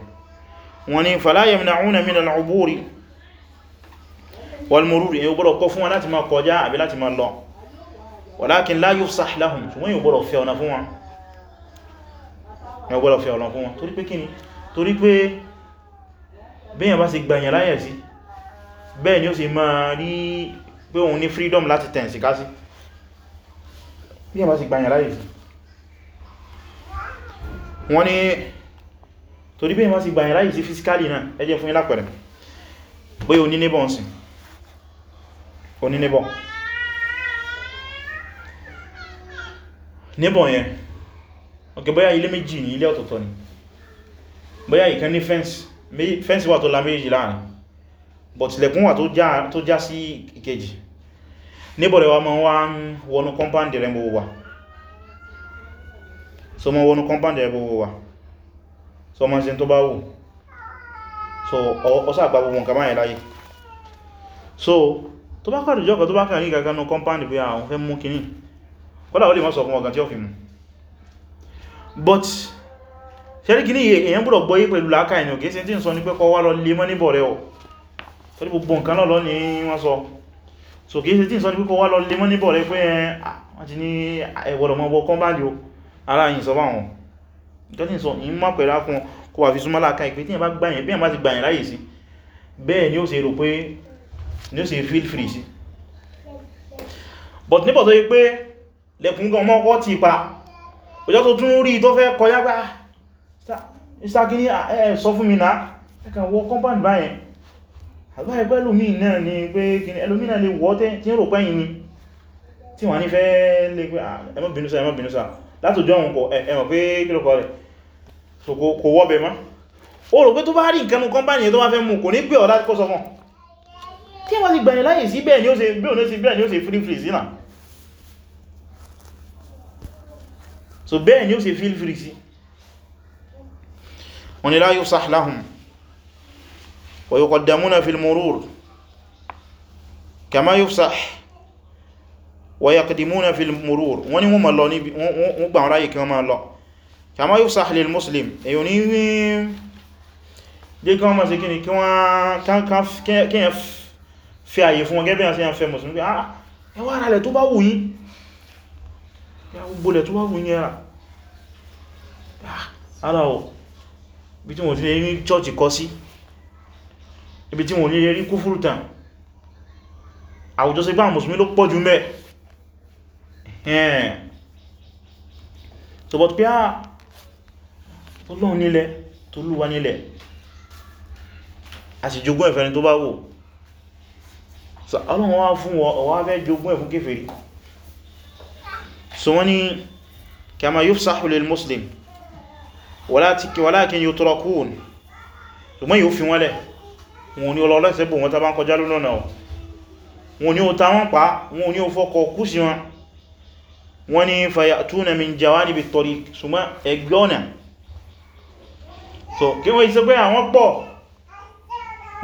wọ́n ni fala yamna'una min al-'uburi wal-mururi èyí gbọ́dọ̀ kọ́ fún wọn láti máa kọjá bẹ́yàn bá sì gbàyàn láyẹ̀ sí bẹ́ẹ̀ ni ó sì máa rí pé òun ní freedom láti tẹ̀ sí kásí bí ẹ̀mà sì gbàyàn láyè wọ́n ní torí bí ẹ̀mà sì gbàyàn láyè sí fisikali náà ẹ jẹ́ fún yín lápẹẹrẹ pé oní nébọ̀ ń sìn oní nébọ̀ nébọ̀ yẹn ọ̀kẹ́ bóyá ilé méjì ní ilé ọ̀tọ̀ọ̀tọ̀ ni bóyá ìkan ní fẹ́ǹsì wà tó la méjì láàrin but lẹ̀kùn wà tó já sí ìkejì níbọ̀rẹ̀ wa ma wá ń wọnú kọmpáǹdì rẹ̀ gbogbo wa so ma wọnú kọmpáǹdì rẹ̀ gbogbo wa so ma ṣe tó bá wù so ọsá àgbà gbogbo nǹkan máa láyé so tó bá kàrì jọ́kọ̀ tó bá kàrì kankan nú kọmpáǹdì bí àwọn fẹ́ mú kìíní kọ́lá ó lè má sọ fún ọgàn tí ó fi mú but ṣẹ́rí kìíní èyàn gbọ́dọ̀ gbọ́ yí pẹ̀lú láàkà ẹ̀yàn kìí sí tí ń sọ ní pẹ́kọ́ wá lọ lè mọ́ níbọ̀ rẹ̀ ọ̀ torí gbogbo nǹkan náà lọ ní wọ́n sọ so kìí ṣe tí sọ ní pípọ̀ wá lọ lè mọ́ níbọ̀ rẹ pé eh, ah, wọ́n ti ní eh, ẹ̀wọ̀lọ̀ mọ́ ọgbọ̀ kọ́mbàdì o ara yìí sọ báwọn ìjọ́ sọ ní mọ́ pẹ̀lá fún kó wà fi súnmọ́ láàká ìpé tí ẹ̀ bá ti gbàyàn láyè sí bẹ́ẹ̀ ni ó ṣe rò pé àbá ẹgbẹ́ ẹlòmí náà ni pé kìnnì ẹlòmí náà lè wọ́ tí ń rò pẹ́yìn ni tí wọ́n ní fẹ́ lè pé ẹ má bínú sá ẹ má bínú sá látòjọ́ òun kò ẹ̀mọ̀ pé kílòkọ rẹ̀ so kò wọ́bẹ̀ má o rò pé tó bá rí nǹkan mú kọ́mbánì tó bá fẹ́ mú kò ní pé ọ̀dá kó sọ fún tí wọ́n ti gbẹ̀yìn láyè sí bẹ́ẹ̀ ni ó ṣe bẹ́ẹ̀ ni ó ṣe free free sí náà so bẹ́ẹ̀ ni ó ṣe feel ويقدمون في المرور كما يفصح ويقدمون في المرور وني هم الله ني وبان رايك كما الله كما يفصح للمسلم ايوني دي كما سكيني كما كان كف كان fi àyè fún wọn gẹ́gẹ́ bí في fẹ́ mùsùlùmí pé ah ẹwà ara lẹ̀ tó bá wù yín gbogbolẹ̀ tó bá wù yín ara ọ̀ bí tí mo ti ibi tí wọ́n ní rí kúfúrú tàn àwùjọ sí pé àwọn mùsùlùmí ló pọ̀ jù mẹ́ ẹ̀hẹ́n so but pé á ah, Ọlọ́run nílẹ̀ tó lúwa nílẹ̀ a sì jogún ẹ̀fẹ́ni tó bá wò so Ọlọ́run wá fún ọwá fẹ́ jogún ẹ̀fún kéfèrí so wọ́n ni kama yufsahu lil muslim walakin yutrakun ṣùgbọ́n yóò fi wọ́n wọn ni ọlọ́lẹ́sẹ̀ bò wọn tàbá ń kọjá lónà náà wọn ni ó ta wọn pa wọn ni ó fọ́kọ kú sí wọn wọn ni fayatuna min jawanibi tariq ṣùgbọ́n ẹgbẹ́ ọ̀nà so kí wọ́n iṣẹ́ pé àwọn pọ̀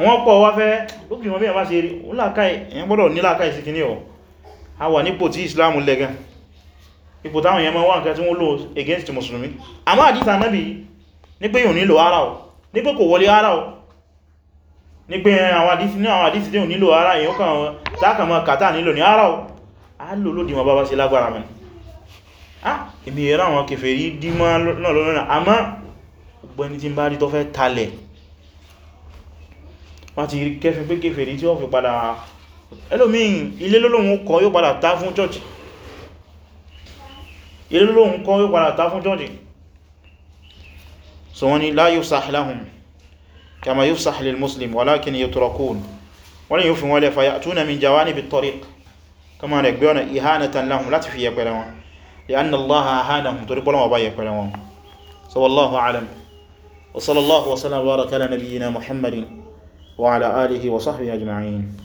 wọ́n pọ̀ wá fẹ́ lókùnrin bí i bá ṣe rí ó láàkáì èyàn gbọ́dọ̀ ní láàkáì sí kìíní ọ̀ a wà nípò tí Islam lẹ́gan ipò táwọn èèyàn máa wá nǹkan tí wọ́n lò against mùsùlùmí àmọ́ àdíta náà bí ní pé yìí nílò ara ọ̀ ní pé kò wọlé ara ọ̀ ní pé eh, àwọn àdísì ní àwọn àdísì tí ò nílò ara èyàn kan wọn tákà mọ́ kàtà nílò ní ara ọ̀ a lò lòdì wọn bábá sí lágbára mẹ́ ah èmì ẹ̀rọ àwọn kèfèrí dímọ́ náà lọ́nà àmá gbogbo ẹni tí ń bá rí tó fẹ́ talẹ̀ wọ́n ti rí kẹfin pé kèfèrí tí so wọ́n ni la yusah كما يفسح للمسلم ولكن يتركون ولن يفهم ولا فيأتون من جوانب الطريق كما يقولون إهانة لهم لا تفي يقولون لأن الله أهانهم طريق لهم وبا يقولون سوى الله أعلم وصلى الله وسلم وبارك على نبينا محمد وعلى آله وصحبه أجمعين